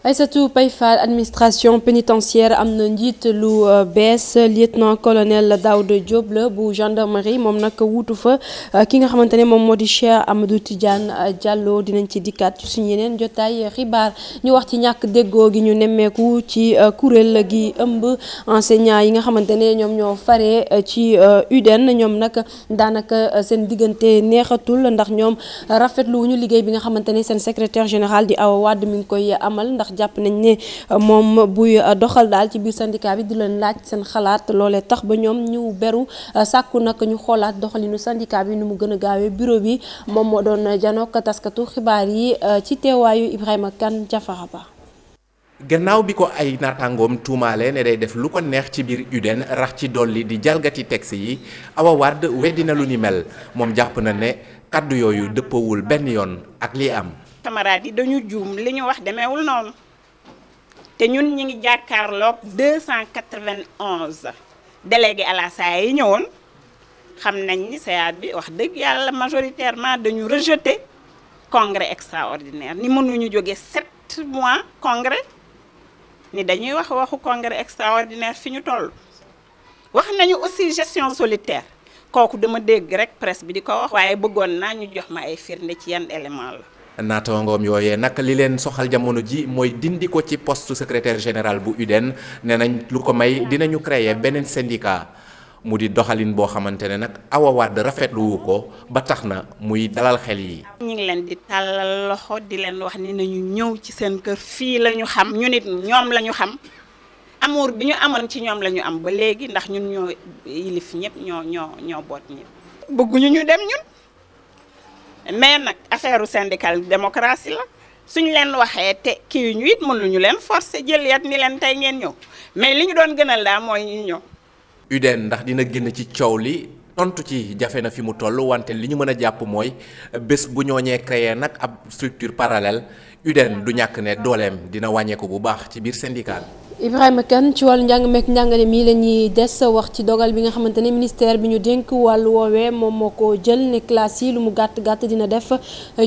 Aïssatou Paye Fall administration pénitentiaire am na njiit lu euh, bees lieutenant colonel Daouda Diop la bu gendarmerie moom nag wuutu fa euh, ki nga xamante ne moom moo di Cheikh Amadou Tidiane euh, Diallo dinañ ci dikkaat ci suñu yeneen jotaay xibaar ñu wax ci ñàkk déggoo gi ñu nemmeeku ci kuréel gi ëmb enseignant yi nga xamante ne ñoom ñoo fare ci UDEN ñoom nag daanaka seen diggante neexatul ndax ñoom rafetlu wuñu liggéey bi nga xamante ne seen secretaire général di Awa Wade mi ngi koy amal ndax jàpp nañ ne euh, moom buy euh, doxal daal ci biir syndicat bi di leen laaj seen xalaat loolee tax ba ñoom ñu beru euh, sàkku nag ñu xoolaat doxalinu syndicat bi nu mu gën a gaawee bureau bi moom moo doon janook taskatu xibaar yi ci teewaayu Ibrahima Kane Jafara Ba gannaaw bi ko ay naataangoom tuumaale ne day def lu ko neex ci biir UDEN rax ci dolli di jalgati texte yi Awa Wade na lu ni mel moom jàpp na ne kàddu yooyu dëppawul benn yoon ak li am. camarades yi dañu juum li ñu wax demeewul noonu. te ñun ñu ngi jàkkaarloog 291 délégué à la SAE yi ñëwoon xam nañ ni SAE bi wax dëgg yàlla majoritairement dañu rejeté congrès extraordinaire ni mënuñu jógee 7 mois congrès ni dañuy wax waxu congrès extraordinaire fi ñu toll. wax nañu aussi gestion solitaire kooku dama dégg rek presse bi di ko wax. waaye bëggoon naa ñu jox ma ay firnde ci yan élément la. naataangoom yooyee nag li leen soxal jamono ji mooy dindi ko ci poste secrétaire général bu UDEN nee nañ lu ko may dinañu créer beneen syndicat mu di doxalin boo xamante ne nag Awa Wade rafetluwu ko ba tax na muy dalal xel yi. ñu ngi di tàllal loxo di leen wax ni nañu ñëw ci seen kër fii la ñu xam ñu nit ñoom lañu xam amour bi ñu amoon ci ñoom lañu am ba léegi ndax ñun ñoo yilif ñëpp ñoo ñoo ñoo boot ñëpp. bëgguñu ñu dem ñun. mais nag affaire syndicale démocratie la suñ leen waxee te kii ñu it mënuñu leen forcer jël yat ni leen tey ngeen ñëw mais li ñu doon gënal daal mooy ñu ñëw. UDN ndax dina génn ci coow li tontu ci jafe na fi mu toll wante li ñu mën a jàpp mooy bés bu ñooñee créer nag ab structure parallèle UDN du ñàkk ne dooleem dina wàññeeku bu baax ci biir syndical. Ibrahima Kane ci wàllu njàng meek njàngale mi la ñuy des wax ci dogal bi nga xamante ne ministère bi ñu dénk wàllu woowee moom moo ko jël ne classe yi lu mu gàtt gàtt dina def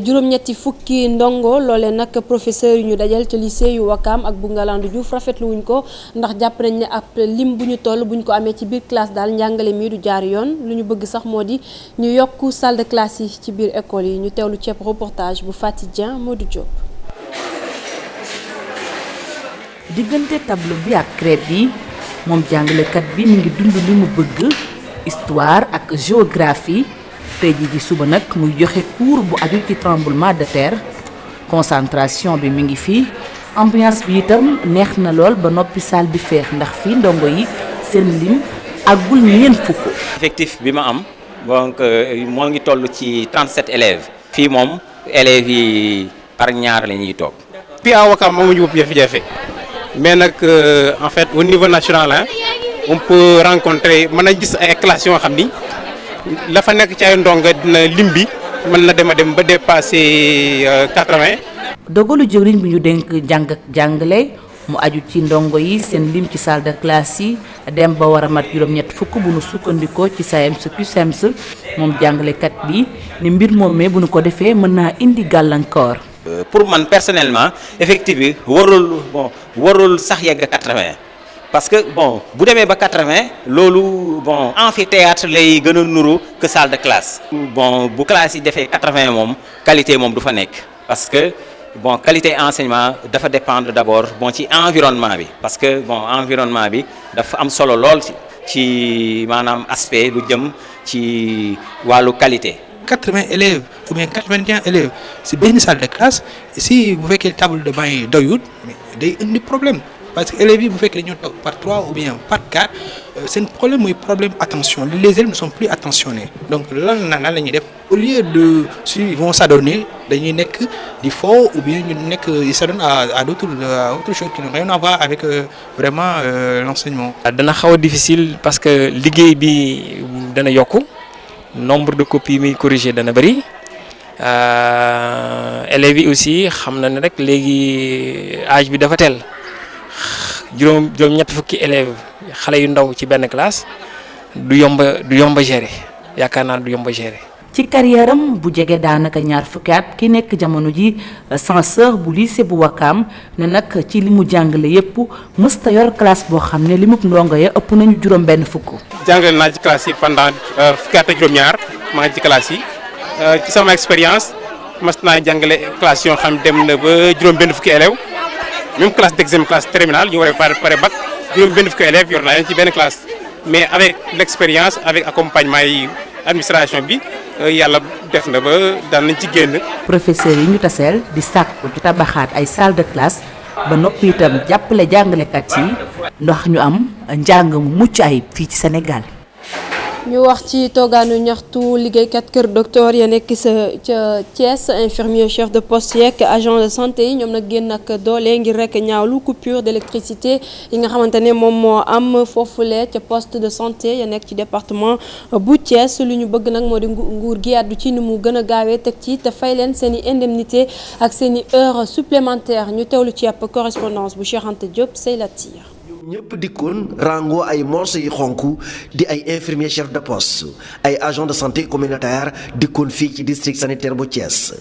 juróom-ñetti fukki ndongo loole nag professeur yu ñu dajal ca lycée yu Wakaam ak bu Ngalandu Diouf rafetlu wuñ ko ndax jàpp nañ ne ab lim bu ñu toll bu ko amee ci biir classe daal njàngale mii du jaar yoon lu ñu bëgg sax moo di ñu yokk salle de yi ci biir école yi ñu teewlu ceeb reportage bu Fatick Dieng Modou Diop. diggante tableau bi ak crête bi moom jàngalekat bi mu ngi dund li mu bëgg histoire ak géographie tey ji suba nag muy joxe cours bu aju ci tremblement de terre concentration bi mi ngi fii ambiance bi itam neex na lool ba noppi salle bi feex ndax fii ndongo yi seen lim àggul ñeent fukk. effectif bi ma am donc euh, moo ngi toll ci 37 élèves. fii moom élèves yi par ñaar la ñuy toog. d'accord Pia Ouakam amuñu jafe-jafe. mais nag euh, en fait au niveau national hein, on peut rencontrer mën a gis ay classes yoo xam ni la fa nekk ci ay ndongo dina lim bi mën na dem a dem ba dépasser euh, quatre-vingt. dogalu jëwriñ bi ñu dénk jàng jàngale mu aju ci ndongo yi seen lim ci salle de classe yi dem ba war a mat juróom-ñett fukk bu nu sukkandikoo ci SAEMS CUSEMS moom jàngalekat bi ni mbir moomee bu nu ko defee mën naa indi gàllankoor. Euh, pour man personnellement effective bi warul bon warul sax yegg 80 parce que bon bu demee ba quatre 80 loolu bon amphithéâtre lay gën a nuru que salle de classe. bon bu classe yi defee 80 moom qualité moom du fa nekk parce que. bon qualité enseignement dafa dépendre d'abord bon ci environnement bi parce que bon environnement bi dafa am solo lool ci maanaam aspect lu jëm ci wàllu qualité 80 élèves ou bien 81 élèves si benn salle de classe si bu fekkee table de bain yi doyut day indi problème parce que élèves bu fekkee dañoo toog par 3 ou bien par 4 euh, seen problème mooy problème attention les élèves ne sont plus attentionnés donc lan naan lan la ñuy def au lieu de s'ils vont s'adonner dañuy nekk di faux ou bien ñu nekk ils s'adonnent à à d'autres à autre chose qui n'ont rien à voir avec euh, euh, l'enseignement. dana xaw a difficile parce que liggéey bi dana yokku. nombre de copies mi corrigé dana bëri euh, élèves yi aussi xam na ne rek léegi âge bi dafa tel juróom juróom-ñett fukki élèves xale yu ndaw ci benn classe du yomba du yomba gérer yaakaar naa du yomba gérer ci carrière am bu jege daanaka ñaar fukki at ki nekk jamono ji euh, censeur bu lycée bu Wakaam ne nag ci li mu jàngale yépp mësta yor classe boo xam ne li mu ndongo ya ëpp nañu juróom benn fukk jàngale naa ci classe yi pendant euh, fukki at juróom-ñaar maa ngi ci classe yi euh, ci sama expérience mas naa jàngale classe yoo xam dem na ba juróom benn fukki élèves même classe d'examen classe terminale ñu war a pare bac juróom benn fukki élèves yor naa leen ci benn classe mais avec expérience avec accompagnement yi administration bi euh, yàlla def na ba daan nañ ci génn. professeurs yi ñu taseel di sàkku di tabaxaat ay salle de classe ba noppi itam jàppale jàngalekat yi ndax ñu am njàng mu mucc ayib fii ci Sénégal. ñu wax ci toogaanu ñaxtu liggéeykat kër docteur ya nekk sa ca Thiès infirmier chef de poste yeeg agent de santé yi ñoom nag génn ak doole ngir rek ñaawlu coupure d'électricité yi nga xamante ne moom moo am foofule ca post de santé ya nekk ci département bu Thiès lu ñu bëgg nag moo di nguur gi àddu ci ni mu gën a gaawee teg ci te fay leen seen i indemnité ak seen i heures supplémentaires ñu teewlu ci ab correspondance bu Cheikh Anta Diop say la ñëpp dikkoon rango ay morso yi xonk di ay infirmier chef de poste ay agent de santé communautaire dikkoon fii ci district sanitaire bu Thiès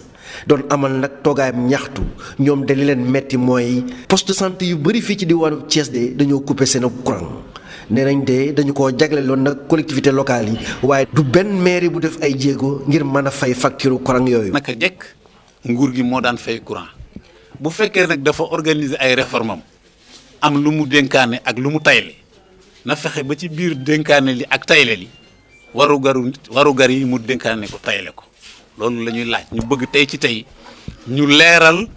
doon amal nag toogaayam ñaxtu ñoom de li leen metti mooy poste de santé yu bëri fii ci di diwaanu cees de dañoo coupé seen courant nee nañ de dañu ko jagleeloon nag collectivité locale yi waaye du benn mairie bu def ay jéego ngir mën a fay facture courant yooyu. naka jekk nguur gi moo daan fay courant bu fekkee nag dafa organiser ay réformes am lu mu dénkaane ak lu mu tayle na fexe ba ci biir dénkaane li ak tayle li waru garu gar yi mu dénkaane ko tayle ko loolu lañuy laaj ñu bëgg tey ci tey ñu leeral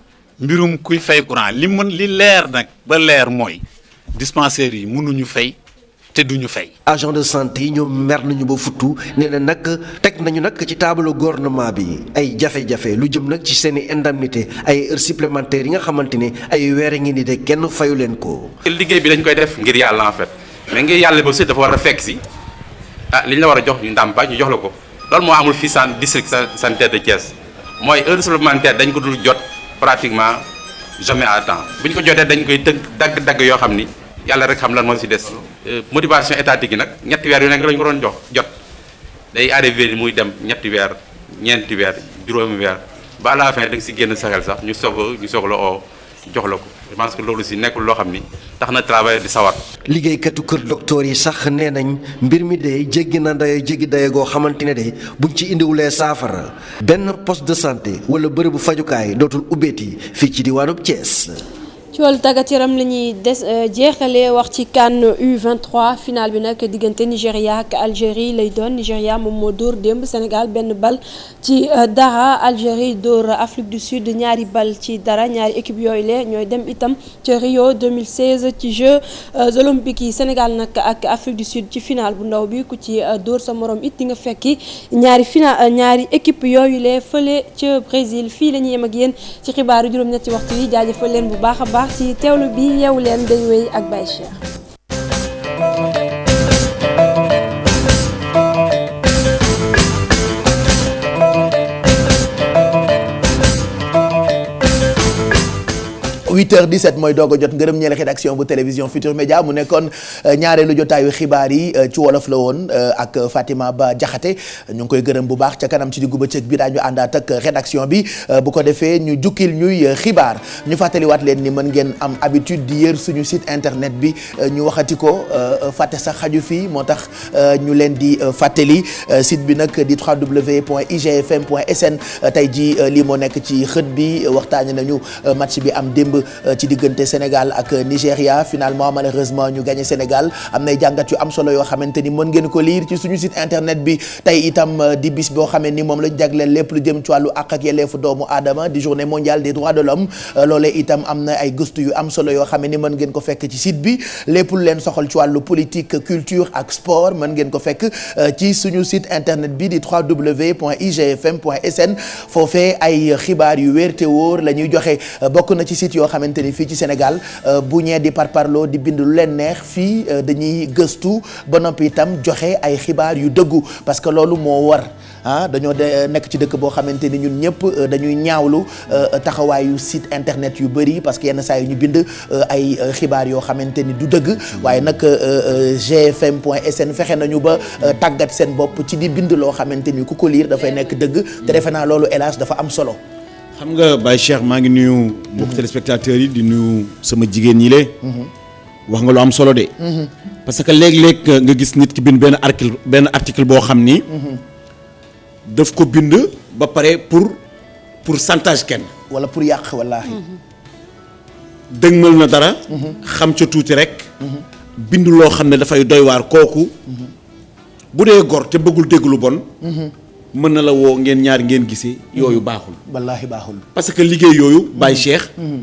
mbirum kuy fay courant li mën li leer nag ba leer mooy dispensaires yi mënuñu fay te duñu fay. agent de santé yi ñoom mer nañu ba futtu nee na nag teg nañu nag ci taabalu gouvernement bi ay jafe-jafe lu jëm nag ci seen i indemnité ay heures supplémentaires yi nga xamante ne ay weer a ngi ni de kenn fayu leen ko. liggéey bi dañ koy def ngir yàlla en fait mais ngir yàlla ba aussi dafa war a fekk si ah li ñu la war a jox ñu ndàmpaay jox la ko loolu moo amul fii san district sanitaire de Thiès mooy heures supplémentaires dañ ko dul jot pratiquement jamais à temps bu ñu ko jotee dañ koy tënk dagg-dagg yoo xam ni. yàlla rek xam lan moo si des euh, motivation étatique nag ñetti weer yu nekk lañu ko doon jox jot day arrivé muy dem ñetti weer ñeenti weer juróomi weer ba à la si génn saxel sax ñu soog ñu soog la jox la ko je que loolu si nekkul loo xam ni tax na travail di sawar. liggéeykatu kër docteur yi sax nee nañ mbir mi de jéggi na ndayo jéggi dayo goo xamante ne de buñ ci indiwulee saafara benn poste de santé wala bërëbu fajukaay dootul ubbeeti fii ci diwaanub Thiès. ci wàllu tàggat yaram la ñuy des euh, jeexalee wax ci CAN U23 final bi nag diggante Nigéria ak Algérie lay doon Nigéria moom moo dóor démb Sénégal benn bal ci euh, dara Algérie dóor Afrique du Sud ñaari bal ci dara ñaari équipe yooyu la ñooy dem itam ca Rio 2016 ci Jeux euh, olympiques yi Sénégal nag ak Afrique du Sud ci final bu ndaw bi ku ci door sa moroom it di nga fekki ñaari final ñaari équipe yooyu le fële ca Brésil fii la ñuy yem ak yéen ci xibaaru juróom-ñetti waxtu yi jaajëfal leen bu baax a baax. ci teewlu bi yeewu leen dañ ak Baye 8h17 mooy doog a jot ngërëm ñeel rédaction bu télévision Futur Média mu nekkoon euh, ñaareelu jotaayu xibaar yi euh, ci wolof la woon euh, ak Fatima Ba Jaxate ñu ngi koy gërëm bu baax ca kanam ci diggu bëccëg bi daañu àndaat ak rédaction bi bu ko defee ñu jukkil ñuy xibaar ñu fàttaliwaat leen ni mën ngeen am habitude di yër suñu site internet bi ñu waxati ko fàtte sax xaju fii moo tax ñu leen di fàttali site bi nag di www.igfm.sn tey ji lii moo nekk ci Euh, ci diggante Sénégal ak Nigéria finalement malheureusement ñu gagné Sénégal am nay jàngat yu am solo yoo xamante ni mën ngeen ko liir ci suñu site internet bi tey itam euh, di bis boo xamee ni moom lañ jagleel lépp lu jëm ci wàllu àq ak yelleefu doomu aadama di journée mondiale des droits de l'homme euh, loolee itam am na ay gëstu yu am solo yoo xamee ni mën ngeen ko fekk ci site bi lépp lu leen soxal ci wàllu politique culture ak sport mën ngeen ko fekk ci suñu site internet bi di www.igfm.sn foofee ay xibaar yu wér te la ñuy joxe bokk na ci site yoo xamante ni fii ci Sénégal euh, bu ñee di parparloo di bind lu leen neex fii euh, dañuy gëstu ba noppi itam joxe ay xibaar yu dëggu parce que loolu moo war ah dañoo de euh, nekk ci dëkk boo xamante ni ñun ñëpp dañuy ñaawlu taxawaayu site internet yu bëri parce que yenn saa yi ñu bind ay xibaar yoo xamante ni du dëgg waaye nag gfm point sn fexe nañu ba tàggat seen bopp ci di bind loo xamante ni ku ko liir dafay nekk dëgg te defe naa loolu hélas dafa am solo xam nga Baye Cheikh maa ngi nuyu. mbokk téléspectateurs yi di nuyu sama jigéen ñi le wax nga lu am solo de. parce que léeg-léeg nga gis nit ki bind benn article benn boo xam ni. daf ko bind ba pare pour pour chantage kenn. wala pour yàq wallaahi. dëgmal na dara. Mhm. xam ca tuuti rek. bind loo xam ne dafay doy waar kooku. Mhm. bu dee gor te bëggul dégg lu bon. Mhm. mën na la woo ngeen ñaar ngeen gisee yooyu mm-hmm. baaxul wallaahi baaxul parce que liggéey yooyu Baye mm-hmm. Cheikh mm-hmm.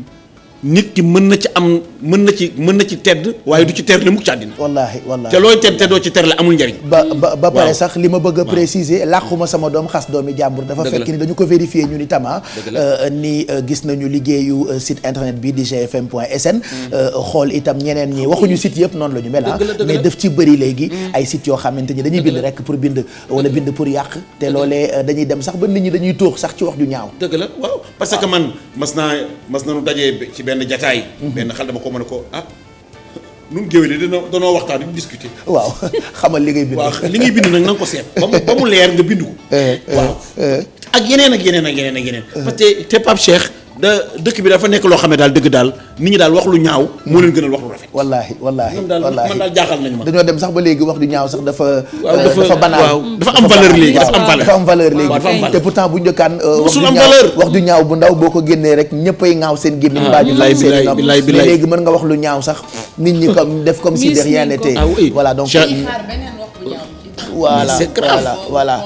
nit ki mën na ci am mën na ci mën na ci tedd waaye du ci terle mukk ci àddina wallaahi wallaahi te looy tedd te doo ci terle amul njariñ ba ba pare sax li ma bëgg a préciser làquma sama doom xas doomi jàmbur dafa fekk ni dañu ko vérifier ñu ni tama euh, ni euh, gis nañu liggéeyu euh, site internet bi di gfm point sn mm. xool itam ñeneen ñi waxuñu sit yëpp noonu la ñu mel ah. mais daf ci bëri léegi mm. ay sites yoo xamante ni dañuy bind rek pour bind wala bind pour yàq te loolee dañuy dem sax ba nit ñi dañuy tóox sax ci wax ju ñaaw dëgg la parce que ah. man mas naa mas nañu dajee ci benn jataay mm-hmm. benn xel dama ko ko ma ne ko ah nun géwél yi dana danoo waxtaan di discuter. waaw xamal li ngay bind. waaw li ngay bind nag na nga ko seet ba mu ba mu leer nga bind ko. Eh, eh, waaw eh. ak yeneen ak yeneen ak yeneen ak yeneen. parce te Pape Cheikh. da dëkk bi dafa nekk loo xam ne daal dëgg daal nit ñi daal wax lu ñaaw moo leen gënal wax lu rafet. wallaahi wallaahi wallaahi dañoo dem sax ba léegi wax lu ñaaw sax dafa. Euh, dafa banal dafa am valeur léegi dafa am valeur. dafa am valeur léegi te pourtant bu njëkkaan. Euh, wax du ñaaw bu ndaw boo ko génnee rek ñëppay ŋaaw seen gémmiñ. Ah, baa ñu fay seen nopp mais léegi mën nga wax lu ñaaw sax nit ñi comme def comme si de rien n'était. Ah voilà donc voilà voilà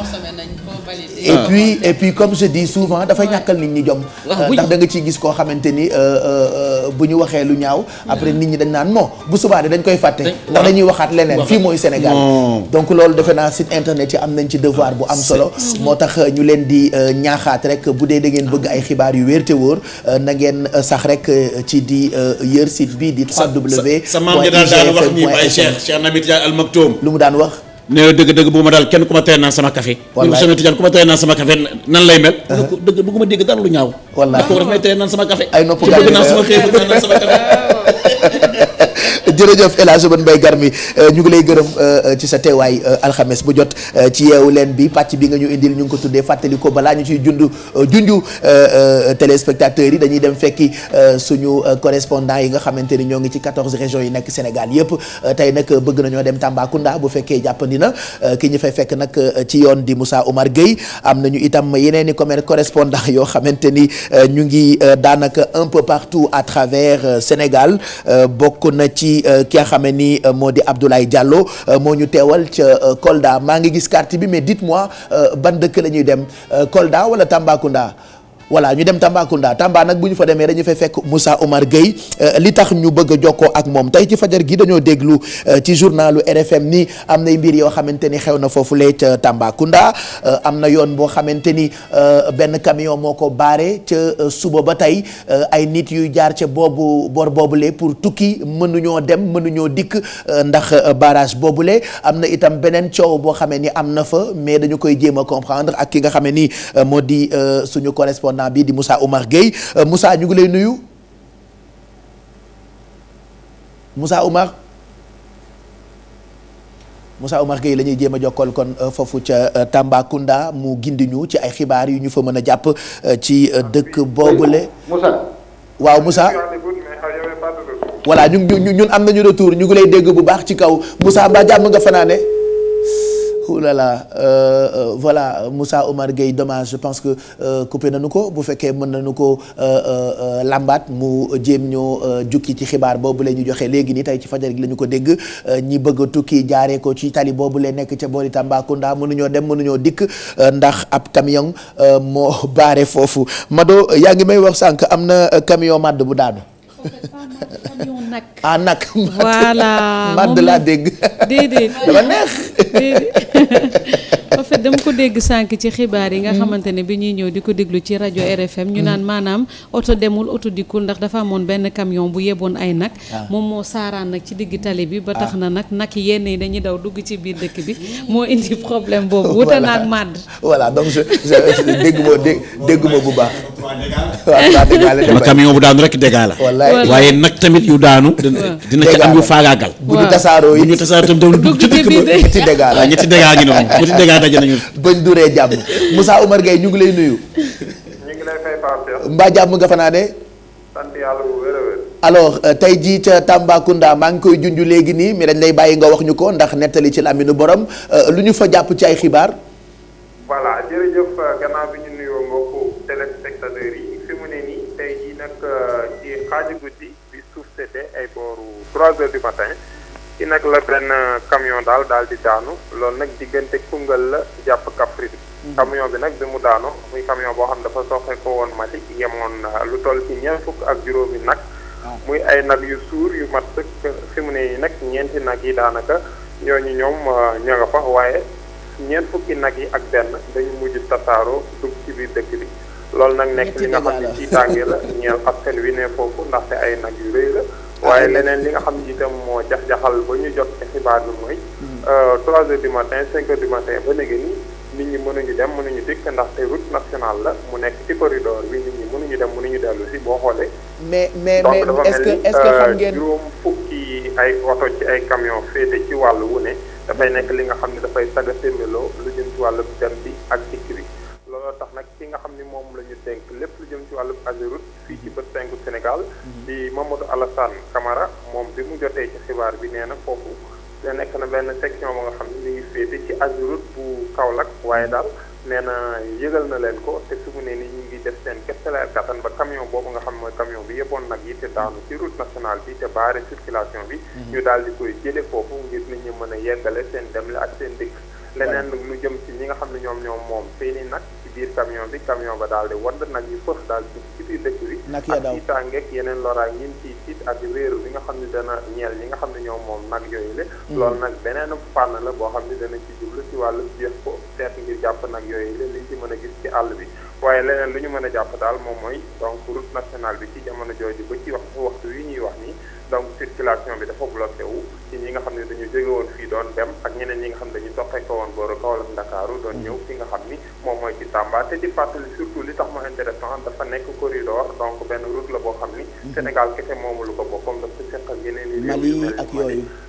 Ah. et puis comme je dis souvent dafay ñàkkal nit ñi jom ah, euh, ndax da nga ciy gis koo xamante ni euh, euh, bu ñu waxee lu ñaaw après ah. nit ñi dañ naan moo bu subaa de dañ koy fàtte ndax dañuy waxaat leneen fii mooy Sénégal donc loolu defe naa site internet yi am nañ ci devoir bu am solo moo tax ñu leen di ñaaxaat rek bu dee da ngeen bëgg ay xibaar yu wér wóor na ngeen sax rek ci di yër bi di 3w sa maam ja daal daan wax ni Baye Cheikh Cheikh lu mu daan wax ne la dëgg-dëgg bëgguma daal kenn ku ma tere naan sama café wallaay ma tere nan lay mel uh-huh. dëgg bëgguma dégg dara lu ñaaw wallaay kooku daf may tere naan sama café ay bëgg naa sama xëy bëgg naan sama café jërëjëf El Hadj Obane Mbaye Garmi euh, ñu ngi lay gërëm euh, euh, ci sa teewaay alxames bu jot ci yeewu leen bi pàcc bi nga ñu indil ñu ngi ko tuddee fàttali ko balaa ñu ciy jundu junju téléspectateurs yi dañuy dem fekki suñu correspondant yi nga xamante ni ñoo ngi ci 14 régions yi nekk Sénégal yëpp tey nag bëgg nañoo dem Tambacounda bu fekkee jàppandi na ki ñu fay fekk nag ci yoon di Moussa Omar Gueye am ñu itam yeneen i commerce correspondant yoo xamante ni ñu ngi daanaka un peu partout Sénégal bokk na ci di euh, ki nga xam ne ni euh, moo di Abdoulaye Diallo euh, moo ñu teewal ca Kolda maa ngi gis carte bi mais dites-moi ban dëkk la ñuy dem Kolda wala Tambacounda. voilà ñu dem Tambacounda Tamba nag bu ñu fa demee dañu fay fekk Moussa Omar Gueye euh, li tax ñu bëgg jokkoo ak moom tey ci fajar gi dañoo déglu euh, ci journalu RFM ni am nay mbir yoo xamante ni xew na foofu lee Tambacounda euh, am na yoon boo xamante ni benn camion moo ko baare ca suba ba tey ay nit yuy jaar ca boobu bor boobule pour tukki mënuñoo dem mënuñoo dikk ndax barrage boobule am na itam beneen coow boo xamee ni am na fa mais dañu koy jéem a comprendre ak ki nga xamee ni moo di suñu correspondant correspondant di Moussa Omar Gueye euh, Moussa ñu ngi lay nuyu Moussa Omar Moussa Omar Gueye lañuy ñuy a jokkool kon euh, foofu ca euh, Tambacounda mu gindi ñu ci ay xibaar yu ñu fa mën a jàpp ci dëkk boobule. Moussa. waaw Moussa. voilà ñu ñun am nañu retour ñu ngi lay dégg bu baax ci kaw Moussa ba jàmm nga fanaane oh là euh, euh, voilà mussa Omar Gueye dommage je pense que euh, coupé nañu ko bu fekkee mën nañu ko làmbaat mu jéem ñoo jukki ci xibaar boobu la ñu joxe léegi nii tey ci fajar gi lañu ko dégg ñi bëgg tukki jaaree ko ci tali boobu la nekk ca boori Tambacounda mënuñoo dem mënuñoo dikk ndax ab camion moo baare foofu Mado yaa ngi may wax sànq am na camion màdd bu daanu. nag ah nag. voilà mbàdd laa dégg. déedéet dafa neex. déedéet. en fait dama ko dégg sànq ci xibaar yi nga mm-hmm. xamante ne bi ñuy ñëw di ko déglu ci rajo RFM ñu mm-hmm. naan maanaam oto demul oto dikkul ndax dafa amoon benn camion bu yeboon ay nag moom moo saaraan nag ci digg tali bi ba tax ah. na nag nag yenn yi dañuy daw dugg ci biir dëkk bi mm-hmm. moo indi problème boobu wuta naag màdd voilà donc je dégg ma dégg ma bu baax waaw camion bu daanu rek dégaa la waaye nag tamit yu daanu dina ci am yu faagaagal bu ñu tasaaroo yi ci dëkk ñetti dégaa daje nañu. bañ jàmm Moussa Omar Gueye ñu ngi lay nuyu. mbaa jàmm nga fanaane sant yàlla bu wér a wér euh, tey jii ca maa ngi koy junj léegi nii mais dañ lay bàyyi nga wax ñu ko ndax nettali ci Lamine Borom euh, lu ñu fa jàpp ci ay xibaar. voilà jërëjëf gannaaw bi ñu nuyoo mbokku téléspectateurs yi fi mu ne nii tey jii nag euh, ci xaaju guddi bi suuf seddee ay booru 3 heures du matin. ci nag la benn camion daal daal di daanu loolu nag diggante Koungheul la jàpp Kaffrine hmm. camion bi nag bi mu muy camion boo xam dafa soxe ko woon Mali yemoon euh, lu toll ci ñeent fukk ak juróomi nag ah. muy ay nag yu suur yu mat sëkk fi mu ne yi nag ñeenti nag yi daanaka ñooñu ñoom euh, ña nga waaye ñeent fukki nag yi ak benn dañu mujj tasaaroo dugg ci biir dëkk bi loolu nag nekk li nga xam ne tiitaange la ñeel askan wi ne foofu ndaxte ay nag yu rëy la waaye leneen li nga xam ne itam moo jax-jaxal ba ñu jot ci xibaar bi mooy hmm. euh, trois heures du matin cinq heures du matin ba léegi nii nit ñi mënuñu dem mënuñu dikk ndaxte route nationale la mu nekk ci corridor bi nit ñi mënuñu dem mënuñu dellu si boo xoolee mais mais mais est-ce que est euh, juróom fukki ay oto ci ay camion féete ci wàllu wu ne dafay nekk li nga xam ne dafay saga séméloo lu jëm ci wàllu dem bi ak dikk bi looloo tax nag ki nga xam ni moom dénk lépp lu jëm ci wàllu Ageroute fii ci bët penku Sénégal di Mamadou Alassane Camara moom bi mu jotee ci xibaar bi nee na foofu da nekk na benn section ba nga xam ne mi ngi féete ci Ageroute bu Kaolack waaye daal nee na yëgal na leen ko te su mu ne ni ñu ngi def seen kestalaer kattan ba camion boobu nga xam mooy camion bi yëppoon nag yi te daanu ci route nationale bi te baare circulation bi mhm. ñu daal di koy jële foofu ngir nit ñi mën a yeggale seen demle ak seen dikk leneen lu jëm ci ñi nga xam ne ñoom ñoom moom seeni nag biir camion bi camion ba daal di wadd nag yu fës daal di ci biir dëkk bi. nag ya daw yeneen loraay yi ciy tiit ak wéeru bi nga xam ne dana ñeel ñi nga xam ne ñoom moom nag yooyu la. Mm. loolu nag beneen fànn la boo xam ne dana ci jublu ci wàllu jeex ko seet ngir jàpp nag yooyu la ci mën a gis ci àll bi. waaye leneen lu ñu mën a jàpp daal moom mooy donc route national bi ci jamono jooju ba ci wax waxtu wi ñuy wax nii. donc circulation bi dafa bloqué wu ci ñi nga xam ne dañu jóge woon fii doon dem ak ñeneen ñi nga xam ne dañu toqee ko woon booru Kaolack Ndakaaru doon ñëw fi nga xam ni moom mooy ci Tamba te di fàttali surtout li tax mu intéressant dafa nekk corridor donc benn route la boo xam ni mhm. Sénégal kese moomu lu ko boppam daf ko seq ak yeneen i réew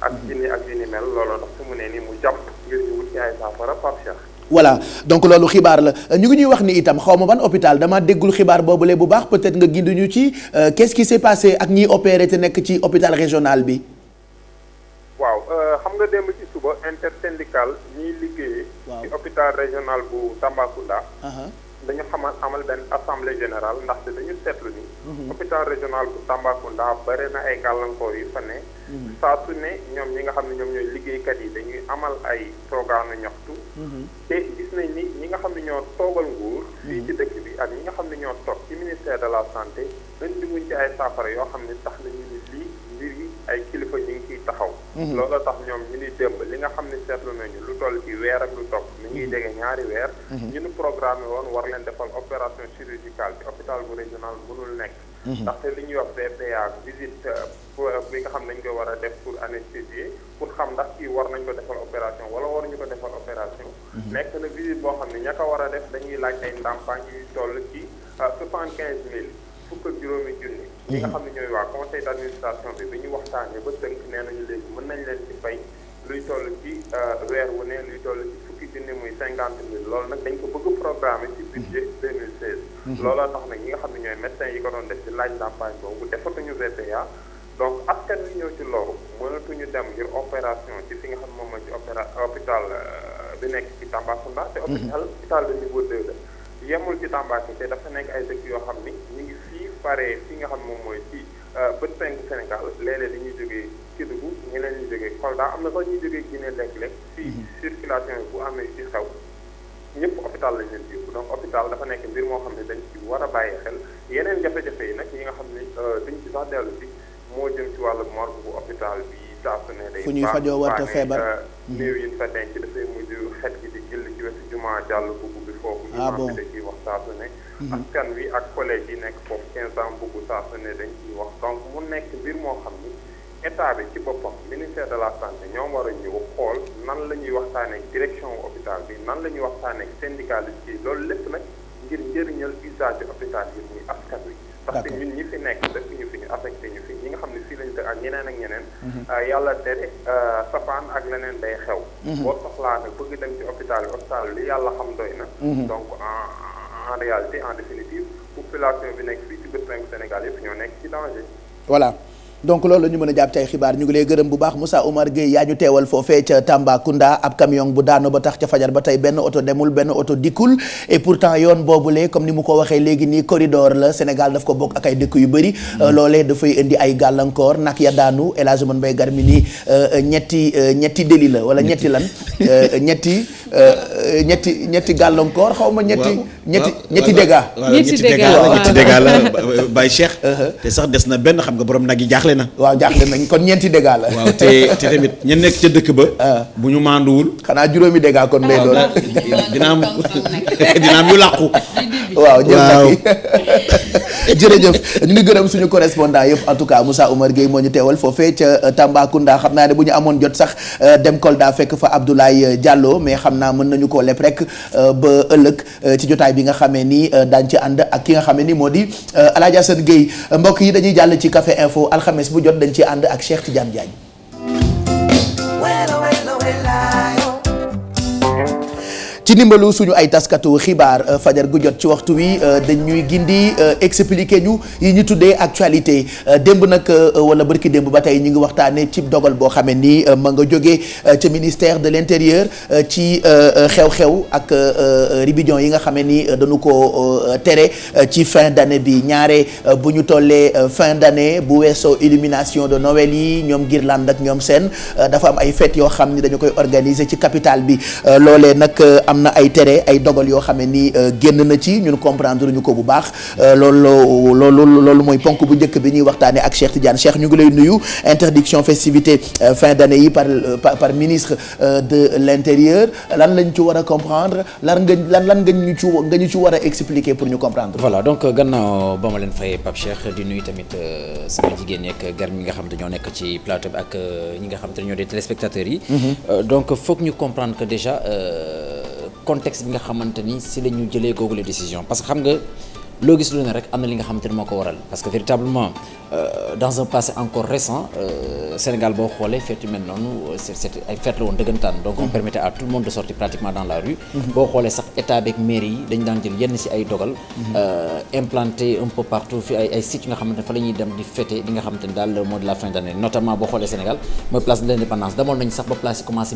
ak yini ak yi ni mel looloo tax su mu nee ni mu jàpp ngir ñu wut ci ay saafara Pape voilà donc loolu xibaar la ñu ngi ñuy wax ni itam xaw ma ban hôpital dama déggul xibaar boobulee bu baax peut-être nga gindu ñu ci euh, qu'est-ce qui s'est passé ak ñiy opéré te nekk ci hôpital régional bi. waaw euh, xam nga démb ci suba intersyndical ñiy liggéeyee. ci hôpital régional bu Tambacounda. Uh-huh. dañu xamal amal benn assemblée générale ndaxte dañu seetlu ni. Mm-hmm. hôpital régional bu Tambacounda bare na ay gàllankoor yu fa ne. Mhm. saa su ne ñoom ñi nga xam ne ñoom ñooy liggéeykat yi dañuy amal ay programme ñaxtu mhm. te gis nañ ni ñi nga xam ne ñoo toogal nguur fii mhm. ci dëkk bi ak ñi nga xam ne ñoo toog ci ministère de la santé indi wuñ ci ay saafara yoo xam ne tax nañu ni lii mbir yi ay kilifa ñu ngi ciy taxaw loolu tax ñoom ñu ni démb li nga xam ne seetlu nañu lu toll ci weer ak lu topp mi ngi jege ñaari weer ñu nu programme woon war leen defal opération chirurgicale ci hôpital bu régional mënul nekk Mm-hmm. ndaxte li ñuy wax BPA visite euh, euh, bi nga xam nañ ko war a def pour anesthésier pour xam ndax kii war nañ ko defal opération wala waruñu ko defal opération. Mm-hmm. nekk na visite boo xam ne ña ko war a def dañuy laaj ay ndàmpaañ yuy toll ci euh, soixante quinze mille fukk ak juróomi junni. Mm-hmm. ñi nga xam ne ñooy waa conseil d' administration bi bi ñu waxtaanee ba tënk nee nañu léegi mën nañ leen ci fay luy toll ci weer wu ne luy toll ci. indi muy cinquante mille loolu nag dañ ko bëgg programme ci budget 2016 mhm. looloo tax nag ñi nga xam ne ñooy médecin yi ko doon def ci laaj ndàmpaay boobu defatuñu VPA donc askan wi ñëw ci loolu mënatuñu dem ngir opération ci fi nga xam moom mooy ci opéra hôpital euh, bi nekk ci Tambacounda te mhm. hôpital hôpital di niveau 2 la yemul ci Tambacounda te dafa nekk ay dëkk yoo xam ni ñu ngi fii pare fi nga xam moom mooy ci euh, bët penku Sénégal léeg-léeg dañuy jógee Kédougou ñu leen ñu jógee Kolda am na sax ñu jógee Guinée léeg-léeg fii mhm. circulation yi bu amee ci xew ñëpp hôpital lañ leen yóbbu donc hôpital dafa nekk mbir moo xam ne dañ ci war a bàyyi xel yeneen jafe-jafe yi nag ñi nga xam ne euh, duñ ci sax dellu si moo jëm ci wàllu morgue bu bi saa su ne day fu a feebar euh, mhm. yi fa denc dafay mujj xet gi di jël ci wetu jumaa jàll bugg bi foofu ah bon da ciy wax saa su ne mhm. askan wi ak collège yi nekk foofu quinze ans bugg saa su dañ ciy wax donc mu nekk mbir moo xam ni état bi ci boppam ministère de la santé ñoom war a ñëw xool nan la ñuy waxtaanee direction hôpital bi nan la ñuy waxtaanee syndicaliste yi loolu lépp nag ngir njëriñal usage hôpital yi muy askan wi. parce que ñun ñi fi nekk dëkk ñu fi ñu affecté ñu fi ñi nga xam ne fii lañ dëkk ak ñeneen ak ñeneen. Mhm. Euh, yàlla tere euh, safaan ak leneen day xew. Mhm. boo soxlaa nag bëgg dem ci hôpital bi hôpital li yàlla xam doy na. Mhm. donc en en réalité en définitive population bi nekk fii ci ñoo nekk ci danger. donc loolu la ñu mën a jàpp ci ay xibaar ñu ngi lay gërëm bu baax Moussa Oumar Gueye yaa ñu teewal foofee ca Tambacounda ab camion bu daano ba tax ca fajar ba tey benn oto demul benn oto dikkul et pourtant yoon boobule comme ni mu ko waxee léegi nii corridor la Sénégal daf ko bokk ak ay dëkk yu bëri euh, loolee dafay indi ay gàllankoor nak ya daanu El Hadj Mbaye Garmi nii euh, euh, ñetti ñetti déli la wala ñetti lan ñetti Euh, ñetti ñetti gàllankoor xaw ma ñetti. ñetti ñetti dégâts. ñetti dégâts waaw ñetti dégâts la Baye Cheikh. Uh-huh. te sax des na benn xam nga borom nag yi jaaxle na. waaw jaaxle nañ kon ñeenti dégâts la. waaw te te tamit ña nekk ca dëkk ba. Uh-huh. bu ñu mànduwul xanaa juróomi dégâts kon lay doon. dina am yu làqu. waaw jëf jërëjëf ñu ngi gërëm suñu correspondant yëpp en tout cas Moussa Oumar Gueye moo ñu teewal foofee ca euh, Tambacounda xam naa ne bu ñu amoon jot sax euh, dem Kolda fekk fa Abdoulaye jàlloo euh, mais xam naa mën nañu ko leb rek ba ëllëg ci jotaay bi nga xamee nii daañ ci ànd ak ki nga xamee ni moo di El Hadj Assane mbokk yi dañuy jàll ci Café Info alxames bu jot dañ ci ànd ak Cheikh Tidiane Diagne ci ndimbalu suñu ay taskatu xibaar euh, fajar gu jot ci waxtu wi euh, dañuy gindi euh, expliquer ñu yi ñu tuddee actualité démb nag wala bërki démb ba tey ñu ngi waxtaanee ci dogal boo xamee ni ma nga jógee ca ministère de l'intérieur ci xew-xew ak ribidion yi nga xamee ni dañu ko tere ci fin d'année bi ñaare bu ñu tollee fin d'année bu weesoo illumination de Noël yi ñoom guirlande ak ñoom seen dafa am ay fête yoo xam ni dañu koy organiser ci capital bi loolee nag am na ay tere ay dogal yoo xam ne ni euh, génn na ci ñun comprendre ñu ko bu baax euh, loolu loolu loolu mooy ponk bu njëkk bi ñuy waxtaanee ak Cheikh Tidiane Cheikh ñu ngi lay nuyu interdiction festivité euh, fin d'année yi par par ministre de l'intérieur lan lañ ci war a comprendre lan nga lan lan nga ñu ci nga ñu ci war a expliquer pour ñu comprendre. voilà donc gannaaw ba ma leen fayee Pape Cheikh di nuyu tamit sama jigéen nekk gar mi nga xam te ñoo nekk ci plateau bi ak ñi nga xam te ñoo di téléspectateurs yi. Mm-hmm. donc contexte bi nga xamante ni si la ñu jëlee googu les décisions parce que xam nga loo gis lu ne rek am na li nga xamante ni moo ko waral parce que véritablement Euh, dans un passé encore récent euh, Sénégal boo xoolee fête yu mel noonu c'est ay fête la woon dëggantaan donc on mhm. permettait à tout le monde de sortir pratiquement dans la rue mhm. boo xoolee sax état beeg mairie dañu daan jël yenn ci ay dogal mhm. euh, implanté un peu partout fi ay ay nga xamante fa la dem di fêter li nga xamante daal le de la fin d'année notamment boo xoolee Sénégal mooy place de l'indépendance demoon nañu sax ba place yi commencé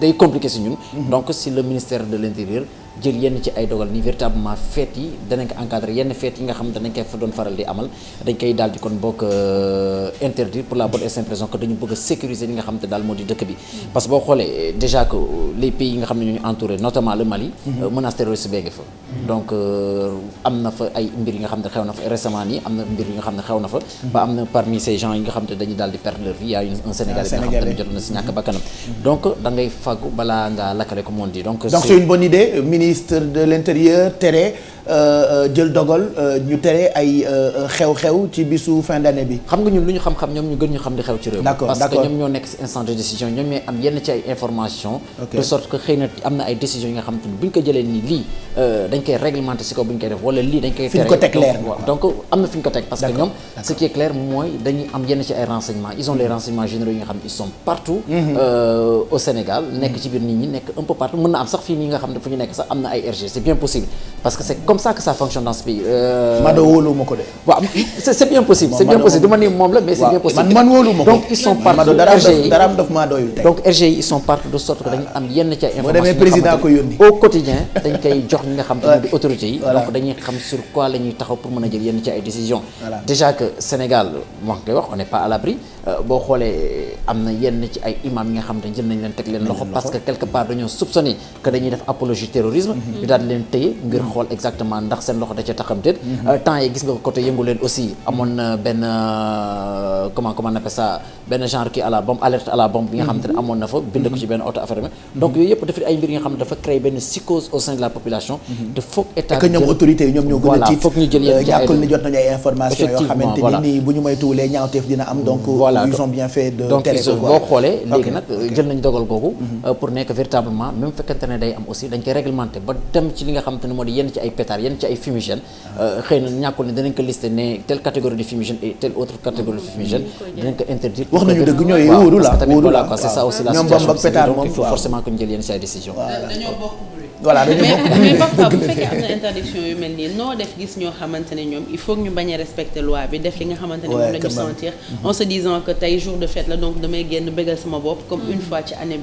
day compliqué si ñun. donc si le ministère de l' intérieur jël yenn ci ay dogal ni véritablement fête yi danañ ko encadrer yenn fête yi nga xam dañ koy fa doon faral di amal dañ koy daal di kon bokk euh, interdire pour la bonne et simple raison que dañu bëgg a sécuriser li nga xam te daal moo di dëkk bi mm-hmm. parce que boo xoolee euh, déjà que les pays yi nga xam ne ñooñu entouré notamment le Mali mm-hmm. euh, menace terroriste bee ngi fa mm-hmm. donc am na fa ay mbir yi nga xam ne xew na fa récemment nii am na mbir yi nga xam ne xew na fa ba am na parmi ces gens yi nga xam te dañuy daal di perdre leur vie y a un Sénégalais bi nga xam ne jotoon na si ñàkk bakkanam donc da ngay fàggu balaa ngaa lakkale ko moom di donc c'est une bonne idée ministre de l'intérieur tere Euh, euh, jël dogal euh, ñu tere ay xew-xew ci bisu fin bi. xam nga ñun lu ñu xam-xam ñoom ñu gën ñu xam di xew ci réew. mooy dañuy am yenn ci ay renseignements ils ont les mm-hmm. renseignements généraux yi nga xam ils sont partout. Mm-hmm. au Sénégal nekk mm-hmm. ci biir nit ñi nekk un peu partout mën na am sax fii nii nga xam fu ñu nekk sax am na ay RG c'est bien possible parce que comme ça que ça fonctionne dans ce pays. Mado wóolu ma ko de. waaw c'est bien possible. c'est bien possible duma ni moom la mais c'est bien possible. man man wóolu ma ko donc ils sont partout RGI dara am daf maa doyul tey. donc RGI ils sont partout de sorte que dañu am yenn ca information. boo demee président ko yónni au quotidien dañ koy jox ñi nga xam te di autorités yi. donc dañuy xam sur quoi la ñuy taxaw pour mën a jël yenn ci ay décisions. déjà que Sénégal moo koy wax on n'est pas à l'abri euh, boo xoolee am na yenn ci ay imam yi nga xam te jël nañ leen teg leen loxo parce que quelque part dañoo soupçonné que dañuy def apologie terrorisme mhm. ñu daal leen téye ngir mhm. xool exactement vraiment ndax seen loxo da ca taxam mhm. euh, temps yi gis nga côté yëngu leen aussi amoon na benn euh, comment comment on appelle benn genre kii à la bombe alerte à la bombe bi nga xamante ne mhm. amoon na fa bind ko mhm. ci benn auto affaire benn de foog état que a euh, nii bu ñu moytuwulee ñaawteef dina am donc mm, boo xoolee léegi nag jël nañ dogal googu pour nekk véritablement même fekkante ne day am aussi dañ koy réglementé ba dem ci li nga xamante ne moo di yenn ci ay hectares yenn ci ay fumigène euh, xëy na ñàkkul ne danañ ko listé ne telle catégorie de fumigène et telle autre catégorie de fumigène danañ ko interdire wax nañu dëgg ñooy wóoru la wóoru la quoi c'est ça aussi la situation il faut forcément que ñu jël yenn ci ay décision dañoo bokk voilà dañu bokk mais bu fekkee am na interdiction yu mel nii noo def gis ñoo xamante ne ñoom il faut ñu bañ a loi bi def li nga xamante ne moom la ñu sentir mhm. en se disant que tey jour de fête la donc damay mhm. bi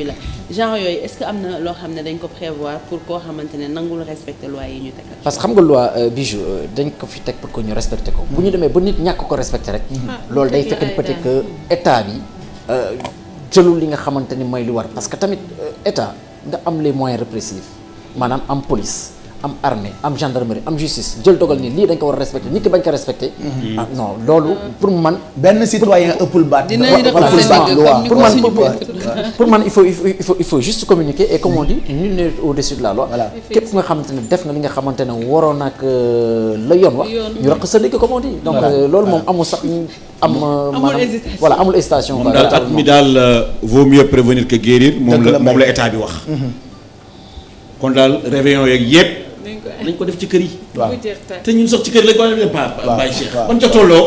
la genre yooyu est-ce que na loo xam ne dañ ko prévoir pour koo xamante ne nangul respecter loi yi ñu teg parce que xam nga loi euh, bijou euh, dañ ko fi ko bu ñu demee ba nit ñàkk ko respecter rek ah, loolu day fekk que état bi euh, jëlul li nga xamante ni mooy li war parce que tamit état nga am les moyens répressifs maanaam am police am armée am gendarmerie am justice jël dogal ni lii dañ ko war a respecté nit ba bañ ko respecté. Mm-hmm. Ah, non loolu pour man. benn citoyen ëppul baat. dinañ pour man pour man il faut il faut il faut juste communiquer et comme on dit mm-hmm. au-dessus de la loi. képp nga xamante ne def na li nga xamante ne waroon ak euh, la yoon wax. ñu raq sa ndigg comme on dit. donc euh, loolu moom amul sax am. Euh, amul hésitation voilà amul hésitation. moom daal at mi daal vaut mieux prévenir que guérir. wax. Mm-hmm. kon daal réveillon yeeg yëpp nañ ko def ci kër yi. waaw te ñun sax ci kër yi lañ ko def ba Baye Cheikh. waaw ban ca tolloo.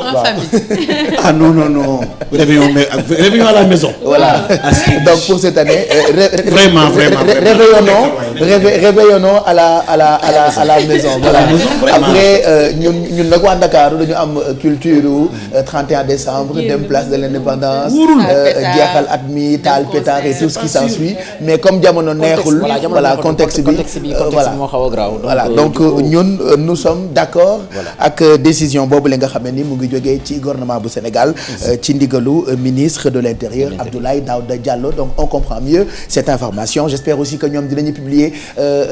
ah non non non. réveillons mais euh, la maison. voilà ah, donc pour cette année. Euh, vraiment vraiment réveillons réveillons la à la à la à la maison. voilà après euh, ñun ñun nag waa Dakar dañu am culture 31 mm. décembre. dem place de l'indépendance. jeexal at mi taal pétard et tout ce qui s'ensuit mais comme jamono neexul. voilà contexte bi contexte bi moo xaw a graaw. Euh, donc euh, ñun euh, nous sommes d'accord ak décision boobu la nga xam ni mu ngi jógee ci gouvernement bu Sénégal ci ndigalu ministre de l'intérieur Abdoulaye Daouda Diallo donc on comprend mieux cette information j'espère aussi que ñoom dinañu publier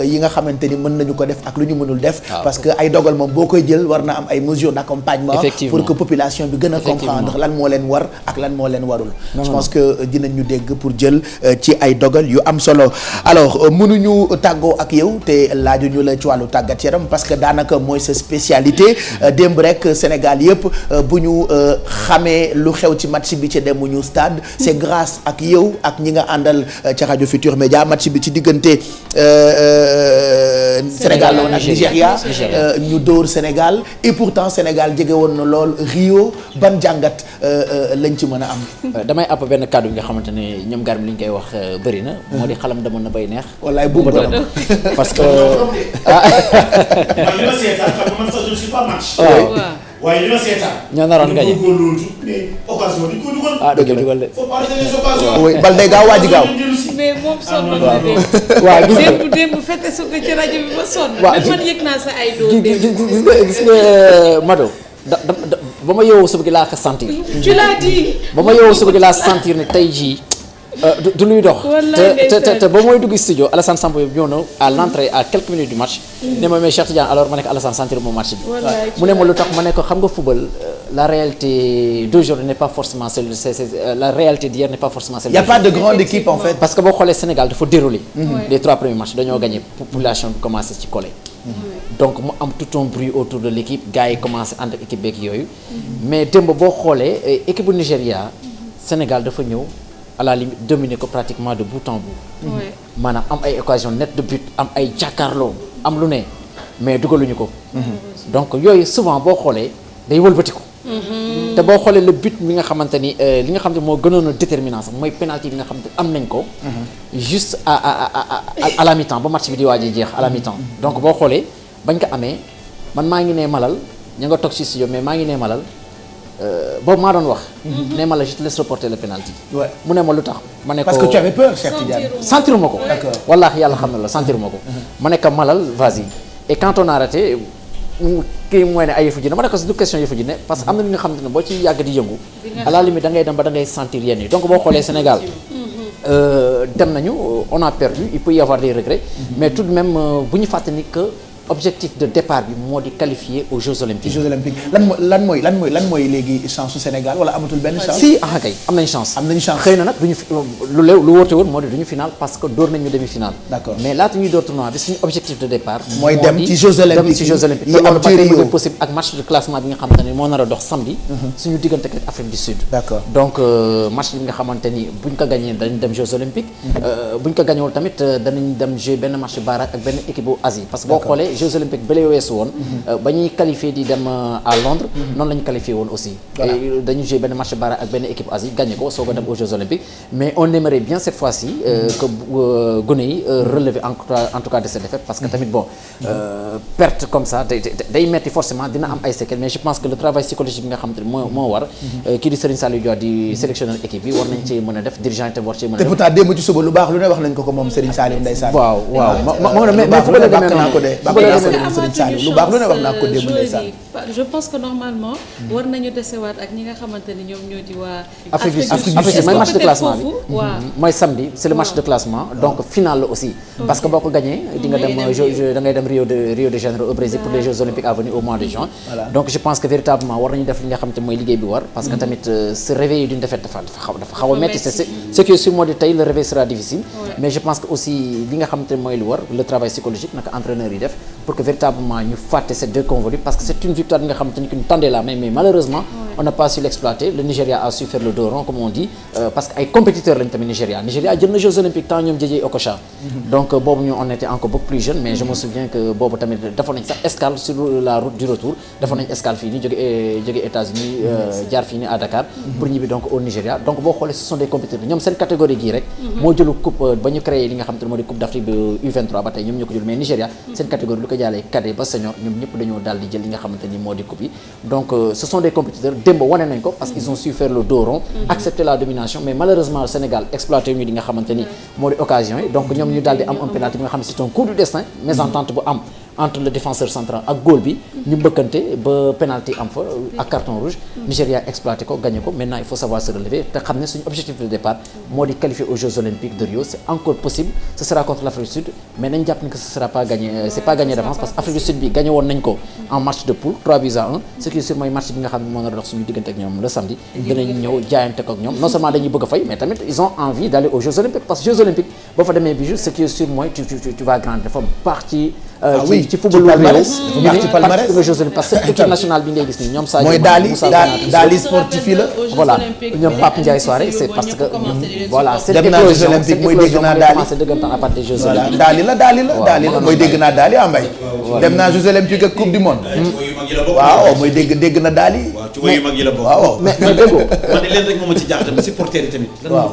yi nga xamante ni mën nañu ko def ak lu ñu mënul def ah. parce que ay dogal moom boo koy jël war na am ay mesures d'accompagnement pour que population bi gën a comprendre lan moo leen war ak lan moo leen warul je pense tàggat yaram parce que daanaka mooy sa spécialité euh, démb rek euh, Sénégal yëpp euh, bu ñu xamee lu xew ci match bi ci ñu stade c'est grace ak yow ak ñi nga àndal ci rajo Futur Média match bi ci diggante Sénégal la woon ñu dóor Sénégal et pourtant Sénégal jege woon na lool Rio ban jàngat lañ ci mën a am. damay àpp benn kàddu nga xamante ne ñoom garmi li ñu koy wax bëri na. moo di xalam demoon na bay neex. wallaay buum parce que. Ah, man li ma seetaan xam nga man sax je ne suis pas match. waaw waaye li ma seetaan. ñoo naroon gañe ñu góorgóorlu mais occasion di ko dugal. ah dëgg la dugal de. faut parler des occasions. oui bal day gaaw waaj gaaw. mais moom sonn na de. waaw gis nga démb démb fete su ci rajo bi ba sonn. waaw même man yëg naa sa ay doom démb. gis nga gis nga Mado. da da ba ma yeewoo suba gi laa ko sentir. tu l'as dit. ba ma yeewoo suba gi laa sentir ne tey jii. Euh, du luy dox. te te te ba mooy dugg studio Alassane Samb yëpp ñëw na à l'entrée à quelques match. mu ne ma lu tax ma ne ko xam nga football euh, la réalité d'aujourd'hui n'est pas forcément celle euh, la réalité d'hier n'est pas forcément celle. y a pas de grande équipe en fait. parce que boo xoolee Sénégal dafa déroulé. les trois premiers matchs dañoo gagné population bi ci collé. donc mu am tout un bruit autour de l'équipe gars yi commencé ànd ak équipe beeg yooyu. mais démb boo xoolee équipe bu Nigéria mm-hmm. Sénégal dafa ñëw. à li limite ko pratiquement de bout bout. Mm-hmm. maanaam am ay occasion net de but am ay jàkkaarloo am lu ne mais dugaluñu ko. Mm-hmm. donc yooyu souvent boo xoolee day wëlbatiku. Mm-hmm. te boo xoolee le but mi nga xamante ni euh, li nga xam ne moo gënoon a déterminant sax mooy penalty bi nga xam am nañ ko. juste à à à à la mi ba match bi di waaj a jeex à la mi donc boo xoolee bañ ko amee man maa ngi ne malal ña nga toog si studio mais maa ngi nee malal. Euh, boobu maa doon wax. nee ma la je te laisse reporter le penalty. mu ne ma lu tax ma ne ko. parce ko wallaahi yàlla xam na la sentir ko. Mhm. ma ne malal vas-y et quand on a raté ay yëfu jinne ma ne ko question yëfu jinne parce am na li nga xamante ne boo ci yàgg di yëngu. à la limite da ngay dem ba da ngay yenn yi donc boo xoolee Sénégal. Euh, dem nañu on a perdu il peut y des regrets. Mhm. mais tout de même euh, bu ñu fàttali ni objectif de départ bi moo di qualifier aux Jeux Olympiques. lan mooy lan mooy lan mooy lan mooy léegi chance su Sénégal wala amatul benn chance. si ah am nañ chance. chance xëy na nag du ñu lu lew lu wóorte woon parce que door nañu demi final. d'accord mais laata ñuy door tournoi bi suñu objectif de départ. mooy dem ci Jeux Olympiques dem am ci Rio possible match de nga xamante ne a dox samedi. Mhm. suñu diggante ak Afrique du Sud. Euh, buñ ko gagné dañ dem Jeux Olympiques. Mhm. Euh, buñ ko gagné tamit euh, danañ dem jouer benn match barrage ak benn équipe bu Jeux olympiques ba lay woon. Euh, ba ñuy di dem euh, à Londres. Mhm. noonu la ñu woon aussi. dañu joué benn match bara ak benn équipe Asie gagné ko soog a dem aux Jeux olympiques mais on aimerait bien cette fois-ci. Euh, mhm. que gone yi relever en tout cas de cette défaite parce que mhm. tamit bon. perte comme ça day metti forcément dina am ay séquelles mais je pense que le travail psychologique nga xam moo war. kii di Serigne Saliou di sélectionneur équipe bi war nañ lu baax lu ne wax naa ko démb ndeysaan je pense que normalement war nañu desewaat ak ñi nga xamante ñoom ñoo di waa Afrique du Sud mooy match de mhm. match de classement donc final la aussi parce que boo ko gagné di dem Rio de Rio au Brésil pour les Jeux olympiques à venir au mois de juin donc je pense que véritablement war nañu def li nga xamante mooy liggéey bi war parce que mhm. tamit se euh, réveiller d'une défaite dafa dafa xaw metti c'est ce qui est sûr moo di tey réveil sera pour que véritablement ñu fàtte cette déconvenue parce que c'est une victoire bi nga xamante ni ki ñu tendait la main malheureusement on n'a pas su l'exploiter le Nigeria a su faire le dos comme on dit euh, parce que ay compétiteurs lañ tamit Nigeria Nigeria jël na Jeux olympiques temps ñoom Jay Okocha mhm. donc euh, boobu ñu on était encore beaucoup plus jeune mais je me mhm. souviens que boobu tamit defoon nañ sax escale sur la route du retour defoon nañ escale jàllee cadet ba senior ñoom ñëpp dañoo daal jël li nga xamante moo di coupe yi donc euh, ce sont des compétiteurs démb wane nañ ko parce qu'ils ont su faire le dos mhm. accepter la domination mais malheureusement Sénégal exploité ñu li nga xamante moo di occasion yi donc ñoom ñu daal am un nga xam ne c'est coup du destin mésentente bu am entre défenseur central ak góol bi ñu mbëkkante ba pénalty am fa ak carton rouge Nigéria exploité ko gagné ko maintenant il faut savoir se relever te xam ne suñu objectif de départ moo di qualifier aux Jeux olympiques de Rio c'est encore possible ce pas gagné euh, c'est pas parce que Afrique du Sud bi gagné woon nañ ko en match de poule 3 buts à 1 ce qui est mooy match bi nga xam ne moo nar dox suñu diggante ak ñoom le samedi dinañ ñëw jaayante Euh, ah ci ci football réew. dafa baax ci palmarès ñu ne parce que équipe nationale bi ngay gis nii ñoom daali daali sportif la. voilà ñoom Pape Ndiaye Soare c' parce que. voilà cette a cette éclosion mooy commencé dëggantaan à partir des Jeux olympiques. voilà daali la daali la daali la mooy dégg naa daali à ah, mbay. dem naa Jeux olympiques ak coupe du monde. Hmm. waaw oh, mooy dégg dégg na daali. waaw ci woyu mag yi la bokk. waaw mais mais déggoo. man de leen rek moom a ci jaaxal tamit supporter yi tamit. lan moo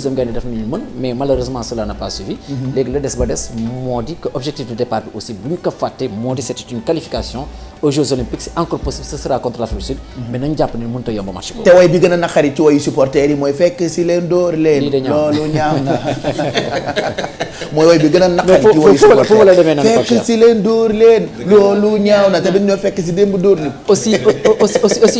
Ousmane Gane daf ñu mën mais malheureusement cela n'a pas suffi. Mhm. léegi la des ba des moo di que objectif de départ bi aussi bu ñu ko fàtte moo di c'est une qualification aux Jeux Olympiques c'est encore possible ce sera contre l'Afrique du Sud. Mhm. mais nañu jàpp ne mënut a yomb match boobu. te way bi gën a naqari ci wayu supporters yi mooy fekk si leen dóor leen. loolu ñaaw na mooy way a naqari na te dañu ñoo fekk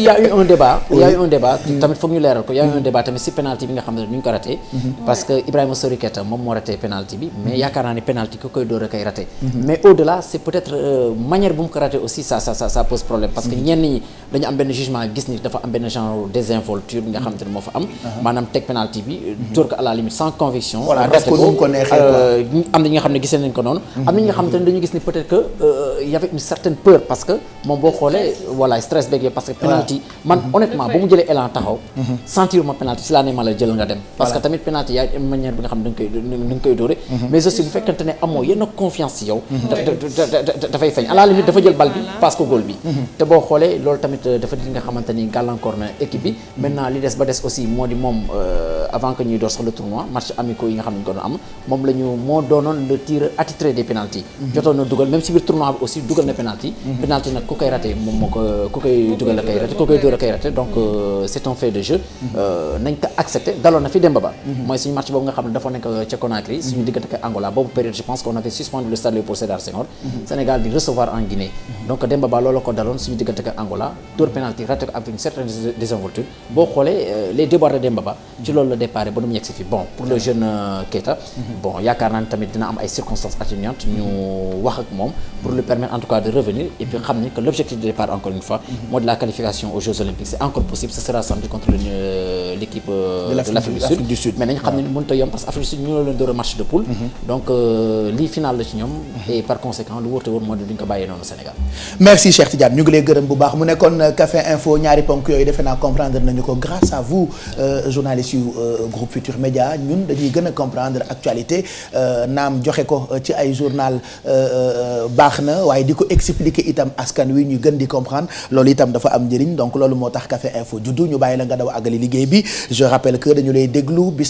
y a eu un débat. tamit foog ñu leeral ko y eu un débat tamit si penalty bi nga xam ne ñu ko raté Mhm. parce que Ibrahima Sori Keita moom moo raté penalty bi mais mhm. yaakaar naa ne penalty ku koy door a koy raté mhm. mais au delà c' est peut être euh, bu mu ko raté aussi ça ça ça pose problème parce que ñenn ñi dañu am benn jugement gis ni dafa am benn genre désinvolture nga xam ne moo fa am maanaam teg penalty bi door ko à la sans conviction raté ko euh, am na ñi nga xam ne gisee nañ ko noonu am na ñi nga xam ne dañu gis ni euh, peur que moom boo penalty yaa une bi nga xam ne da koy da mais aussi bu fekkante ne amoo yenn confiance ci yow dafay feeñ à dafa jël bal bi parce que bi te boo xoolee loolu tamit euh, dafa di nga xamante gàllankoor na équipe bi maintenant li des ba des aussi moo di moom euh, avant que ñuy door sax le tournoi match amicaux yi nga xam ne doon am moom la moo doonoon le tir attitré des pénalty jotoon na dugal même si biir tournoi aussi dugal na pénalty pénalty mooy suñu match boobu nga xam ne dafa nekk euh, ca Conakry mhm. suñu diggante ak Angola boobu période je pense qu'on avait suspendu le stade Léopold Sédar Senghor mhm. Sénégal di recevoir en Guinée mhm. donc boo xoolee euh, les déboires de Demba Ba ci loolu la départ ba nu mu yegsi bon pour le jeune euh, Keita yaakaar naa ne tamit dina am ay circonstances atténuantes ñu wax ak moom pour lui permettre en tout cas de revenir et xam ni l'objectif de départ encore une fois mooy de la qualification mais nañ xam ne mënut a yomb parce que Afrique du Sud ñu la leen door a match de poule. Mhm. donc euh, lii final la ci ñoom. Mhm. et par conséquent lu wóor te moo di duñ ko bàyyee noonu Sénégal. merci Cheikh Tidiane ñu ngi lay gërëm bu baax mu nekkoon euh, Café Info ñaari ponk yooyu defe naa comprendre nañu ko grâce à vous euh, journalistes yu groupe Futur Média ñun dañuy gën a comprendre actualité naam joxe ko ci ay journal baax na waaye di ko expliquer itam askan wi ñu gën di comprendre loolu itam dafa am njëriñ donc loolu moo tax Café Info juddu ñu bàyyi la nga daw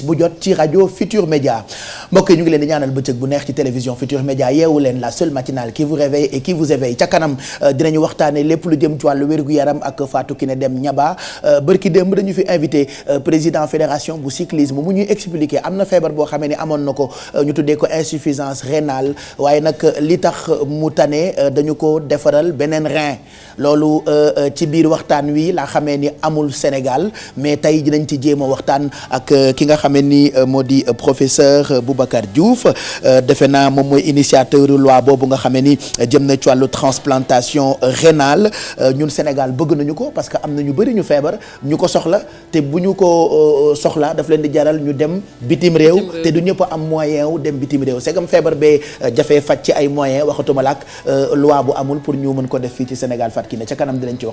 bu jot ci rajo Futur Média mbokk ñu ngi leen di ñaanal bëccëg bu neex ci télévision Futur Média yeewu leen la seule matinale qui vous réveille et qui vous éveille ca kanam euh, dinañu waxtaane lépp lu jëm ci wàllu wér yaram ak Fatou Kiné Deme Niaba euh, bërki démb dañu fi invité euh, président fédération bu cyclisme mu ñuy expliquer am na feebar boo xamee ni amoon na ko ñu tuddee ko insuffisance rénale waaye nag li tax mu tanee dañu ko defaral beneen rein loolu ci biir waxtaan wi laa xamee ni amul Sénégal mais tey dinañ ci jéem a waxtaan ak ki nga xam xamee ni euh, moo di euh, professeur euh, Boubacar Diouf defe naa moom mooy initiateur loi boobu nga xamee ni jëm na ci wàllu transplantation rénale ñun Sénégal bëgg nañu ko parce que am na ñu bëri ñu feebar ñu ko soxla te bu ñu ko soxla daf leen di jaral ñu dem bitim réew te du ñëpp am moyen wu dem bitim réew segam feebar bee jafee faj ci ay moyen waxatuma laak loi bu amul pour ñu mën ko def fii ci Sénégal fat ki ne ca kanam di ci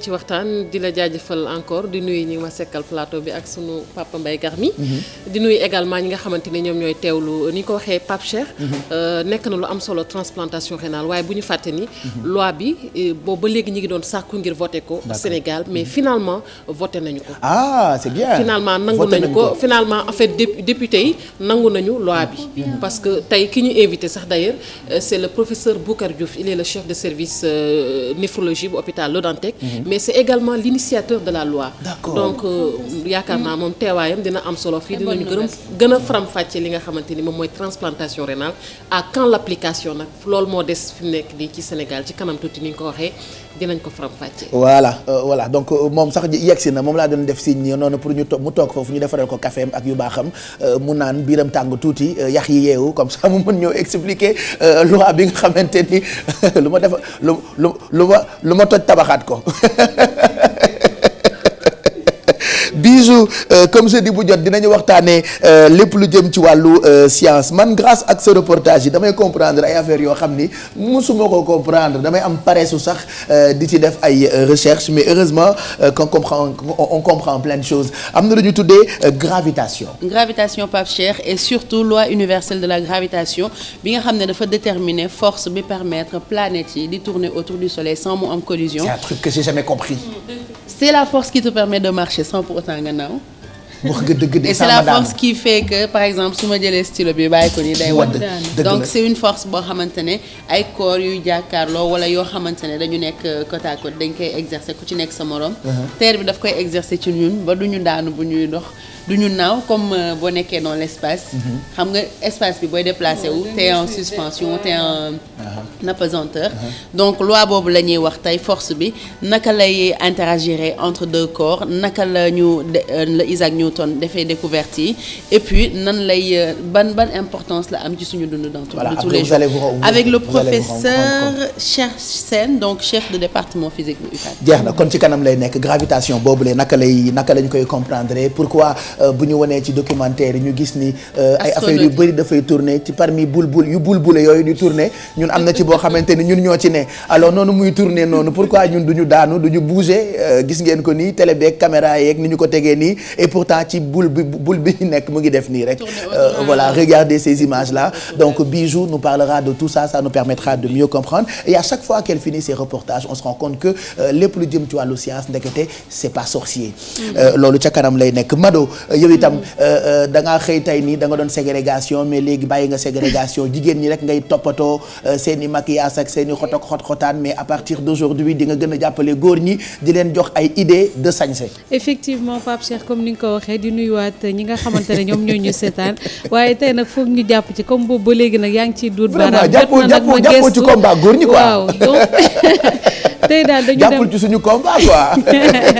ci waxtaan di la jaajëfal encore di nuyu yi. di nuyu également ñi nga xamante ni ñoom ñooy teewlu euh, ni ñu ko waxee Pape Cheikh. Mhm. Euh, nekk na lu am solo transplantation rénale waaye bu ñu fàtte ni. Mhm. loi bi euh, boobu ba léegi ñu ngi doon sàkku ngir voté ko. Sénégal mais mhm. finalement voté nañu ko. ah c'est bien finalement nangu nañu ko finalement en fait député yi nangu nañu loi bi. parce que tey ki ñu invité sax d'ailleurs c'est le professeur Boucar Diouf il est le chef de service néphrologie bu hôpital Le Dantec. mais c'est également l'initiateur de la loi. donc yaakaar solo fii dinañu gërëm gën a faram-fàcce li nga xamante ni moom mooy transplantation rénale à quand l'application nag loolu moo des fi mu nekk nii ci Sénégal ci kanam tuuti ni ñu ko waxee dinañ ko fram fàcce voilà euh, donc euh, moom sax yegsi na moom laa doon def si ñi noonu pour ñu toog mu toog foofu ñu defaral ko kafeem ak yu baaxam euh, mu naan biiram tàng tuuti euh, yax yi yeewu comme ça mu mën ñëw expliquer loi bi nga xamante ni lu ma def lu lu lu ma lu ma toj tabaxaat ko. bisu euh, comme jeudi bu jot dinañu waxtaanee euh, lépp lu jëm ci wàllu euh, science man grâce ak sa reportage yi damay comprendre ay affaires yoo xam ni musuma ko comprendre damay am paresu sax di ci def ay recherche mais heureusement qu'on comprend on comprend plein de choses am na lu ñu de gravitation. gravitation Pape Cheikh et surtout loi universelle de la gravitation bi nga xam ne dafa déterminer force bi permettre planètes yi di tourner autour du soleil sans mu am collision. c'est la force qui te permet de marcher sans pour autant nga naaw. dëgg et c'est la force qui fait que par exemple su ma jëlee stylo bi bàyyi ko nii day wadd donc c'est une force boo xamante ne ay corps yuy jàkkaarloo wala yoo xamante ne dañu nekk euh, côte à côte dañ koy exercer ku ci nekk sa moroom. Uh-huh. terre bi daf koy exercer ci ñun ba duñu daanu bu ñuy dox. du ñu naaw comme euh, boo nekkee dans l' mhm. xam nga espace bi booy déplacé wu. te en suspension te en uh-huh. apesanteur. Uh-huh. donc loi boobu la ñuy wax tey force bi naka lay interagir entre deux corps naka la ñu euh, la Isaac Newton defee découverte yi et puis nan lay euh, ban ban importance la am ci suñu dund dans. voilà tous les jours avec le professeur Cheikh Sène donc chef de département physique bu UCAD. jeex na kon ci kanam lay nekk gravitation boobu la naka lay naka lañ koy comprendre pourquoi. Euh, bu ñu wanee ci documentaire yi ñu gis ni euh, ay affaire yu bëri dafay tourné ci parmi bulbul yu bulbule yooyu di tourné ñun am na ci boo xamante ni ñun ñoo ci ne alors noonu muy tourné noonu pourquoi ñun du ñu daanu du ñu bougé euh, gis ngeen ko nii télé beeg caméra yeeg ni ñu ko tegee nii et pourtant ci bul bi bi ñu nekk mu ngi def nii rek voilà regardez ces images là donc Bijou nous parlera de tout ça ça nous permettra de mieux comprendre et à chaque fois qu'elle finit ses reportages on lépp lu jëm ci wàllu science ndekete c'est pas sorcier mm. loolu ca kanam lay nekk Mado yow itam euh, euh, da ngaa xëy tey nii da nga doon ségrégation mais léegi bàyyi nga ségrégation jigéen ñi rek ngay toppatoo euh, seen i ak seen i xot xotaan mais à partir d'aujourd'hui di nga gën a jàppale góor ñi di leen jox ay idées de sañse effectivement Pape Cheikh comme ni nga ko waxee di nuyuwaat ñi nga xamante ne ñoom ñoo ñu seetaan waaye tey nag foog ñu jàpp ci comme boobu ba léegi nag yaa ngi ciy duut baaraam jot na nag ma gëstu vraiment jàppoo ci combat góor ñi quoi tey daal dañu dem jàppul ci suñu combat quoi.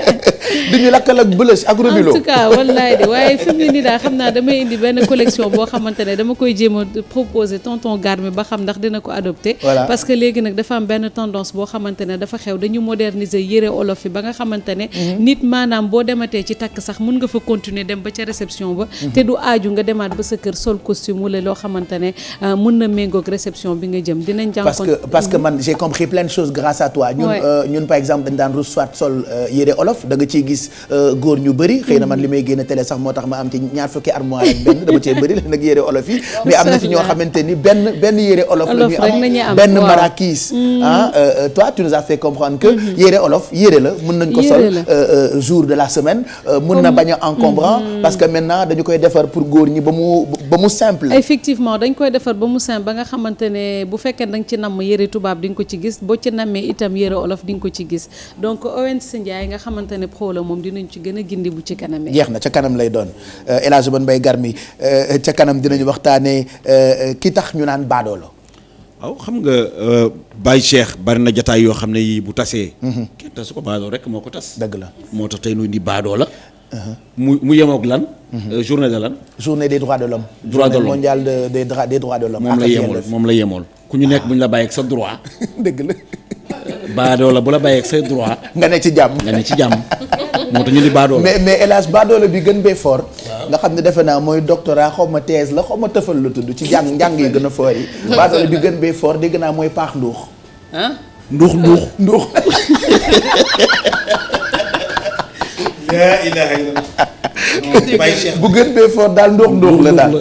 duñu lakkal ak bëlës ak robilo. en tout cas wallaay de waaye fi ne nii daal xam naa damay indi benn collection boo xamante ne dama koy jéem a proposer tonton Garmi ba xam ndax dina ko adopté. parce que léegi nag dafa am benn tendance boo xamante ne dafa xew dañu moderniser yére olof yi ba nga xamante ne. Mhm. nit maanaam boo dematee ci takk sax mun nga fa continuer dem ba ca réception ba. Mhm. te du aaju nga demaat ba sa kër sol costume wala loo xamante ne euh, mun na méngoog réception bi nga jëm dinañ. jànkoon parce que parce mhm. que man j'ai compris plein de choses Euh, ñun par exemple dañ daan rus soit sol euh, yére olof da nga gis euh, góor ñu bëri xëy na man li mm-hmm. may génn télé sax moo tax ma am ci ñaar fukki armoire ak benn dama cee bëri nag yére olof yi mais am na ci ñoo xamante benn yére olof la ñu am benn marakis mm-hmm. ah toi tu nous as fait comprendre mm-hmm. yére la mën nañ ko sol jour de la semaine mën na bañ a encombrant parce que maintenant dañu koy defar pour góor ñi ba mu simple effectivement dañ koy defar ba mu simple ba nga xamante bu fekkee da nga ci namm yére tubaab di nga ko olof di nga ko ci gis donc ONC Ndiaye nga xamante ne pro la moom dinañ ci gën a gindi bu ci kanam jeex na ca kanam lay doon euh, El bon bay Mbaye Garmi euh, ca kanam dinañu waxtaanee euh, ki tax ñu naan baadoolo waaw xam nga Baye Cheikh bari na jataay yoo xam ne yii bu tasee. Mhm. kenn tasu ko baadoo rek moo ko tas. dëgg la moo tax tey ñu di baadoola mhm. mu mu yemoog lan. Mhm. journée de lan. journée de l'homme droit de l'homme journée mondiale de des droits moom la yemool moom la yemool ku ñu nekk ah. bu ñu la bàyyi ak sa droit dëgg la. baadoola bu la bàyyeeg say droit. nga ne ci jàmm nga ne ci jàmm. moo tax ñu di baadoola. mais mais hélas baadoola bi gën bee foor nga xam ne defe naa mooy doctorat xaw ma thèse la xaw ma tëfal la tudd ci jàng njàng yi gën a fort yi. baadoola bi gën bee foor dégg naa mooy paax nduux. ah nduux nduux nduux. bu gën bee fort la daal.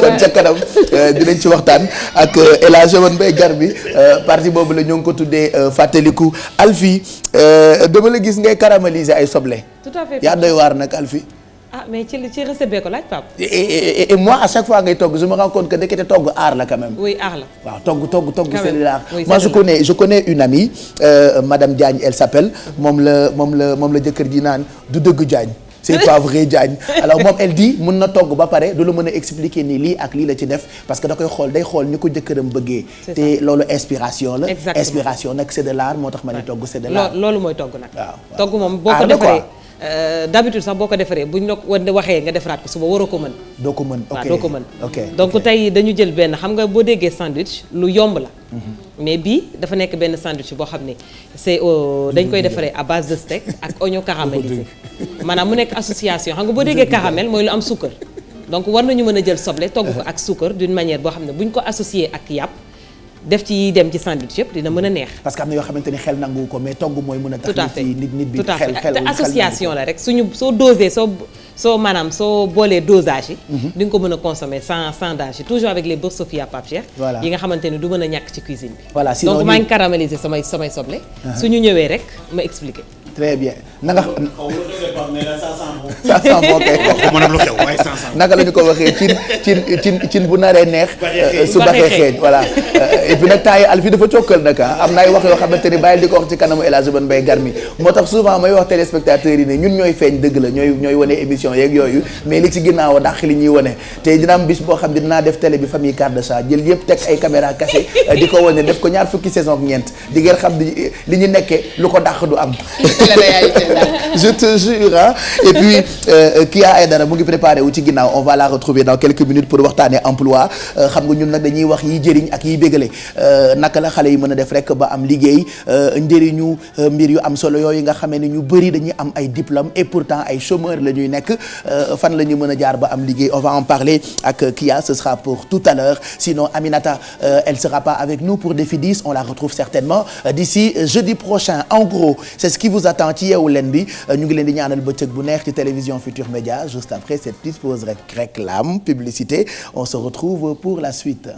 kon ca kanam euh, dinañ ci waxtaan ak euh, El Hadj Oman Mbaye Garmi euh, parti boobu la ñoo ngi ko tuddee fàttaliku Alfi dama la gis ngay karamalise ay soble. tout à fait yaa doy waar nag Alfi. ah mais ci ci recette bee ko laaj Pape. et à chaque fois ngay togg su ma rends compte que ndekete togg aar la quand même. oui aar la waaw togg togg togg. quand même oui moi je connais je connais une amie madame Diagne elle s'appelle moom la moom la moom la jëkkër ji naan du dëgg Diagne. c'est pas vrai Diagne alors moom elle dit mën na togg ba pare du la mën a expliquer ni lii ak lii la ci def parce que da koy xool day xool ñu ko jëkkëram bëggee. te loolu inspiration la. exactement inspiration nag c'est de l'art moo tax ma ne togg c'est de l'art. loolu mooy togg nag. waaw togg moom boo ko ah, defaree Euh, d'habitude sax boo ko defaree buñ la ko waxee nga defaraat ko suba waroo ko mën. doo ko mën ok waaw doo ko mën. donc tey dañu jël benn xam nga boo déggee sandwich lu yomb la. Mm-hmm. mais bii dafa nekk benn sandwich boo xam ne c'est euh, dañ koy defaree à base de steak ak oignon caramélisé maanaam mu nekk association xam nga boo déggee caramel mooy lu am suukar donc war nañu mën a jël soble togg ko uh-huh. ak suukar d'une manière boo xam ne buñ ko associé ak yàpp. def ci dem ci sandwich yëpp dina mën a neex. parce que am na yoo xamante ni xel nangu ko mais togg mooy mën a. tax nit nit nit bi xel xel te association la rek suñu soo dosé soo soo maanaam soo boolee dosage yi. Mhm. di nga ko mën a consommer sans sans toujours avec les beurres Sofia pas cher. voilà yi nga xamante du mën a ñàkk ci cuisine bi. voilà sinon donc maa ngi caraméliser samay samay soble. Uh-huh. su ñu ñëwee rek ma expliquer. bien. na nga cinq cent bon kay naka la ñu ko waxee cin cin cin cin bu naree neex euh, su baxee xeeñ voilà euh, et puis nag temps yi Alphie dafa cokkal nag ah. am na ay wax yoo xamante ni bàyyil di ko wax ci kanamu El Hadji Ban Mbaye Garmi moo tax souvent may wax téléspectateurs yi ne ñun ñooy feeñ dëgg la ñooy ñooy wane émission yeeg yooyu mais li ci a dàq li ñuy wane te dina am bis boo xam ne dinaa def télé bi famille carte de ça jël yëpp teg ay caméra cachée euh, di ko wane def ko ñaar fukki saison ak ñeent di ngeen xam di li ñu nekkee lu ko dàq du am je te jure ah et puis euh, Kya Aidara mu ngi préparé wu ci ginnaaw on va la retrouver dans quelques minutes pour waxtaanee emploi euh, xam nga ñun wax yi jëriñ ak yi bégale euh, naka la xale yi mën a def rek ba am liggéey njëriñu mbir yu am solo yooyu nga xamee ne ñu bëri dañuy am ay diplôme et pourtant ay chômeurs la ñuy nekk fan la ñu mën a jaar ba am liggéey on va en parler ak Kya ce sera pour tout à l'heure sinon Aminata elle sera pas avec nous pour Défi 10 on la retrouve certainement d'ici jeudi prochain en gros c'est ce qui vous week-end bi euh, ñu ngi leen di ñaanal bëccëg bu neex ci télévision Futur Média juste après cette petite pause réclame publicité on se retrouve pour la suite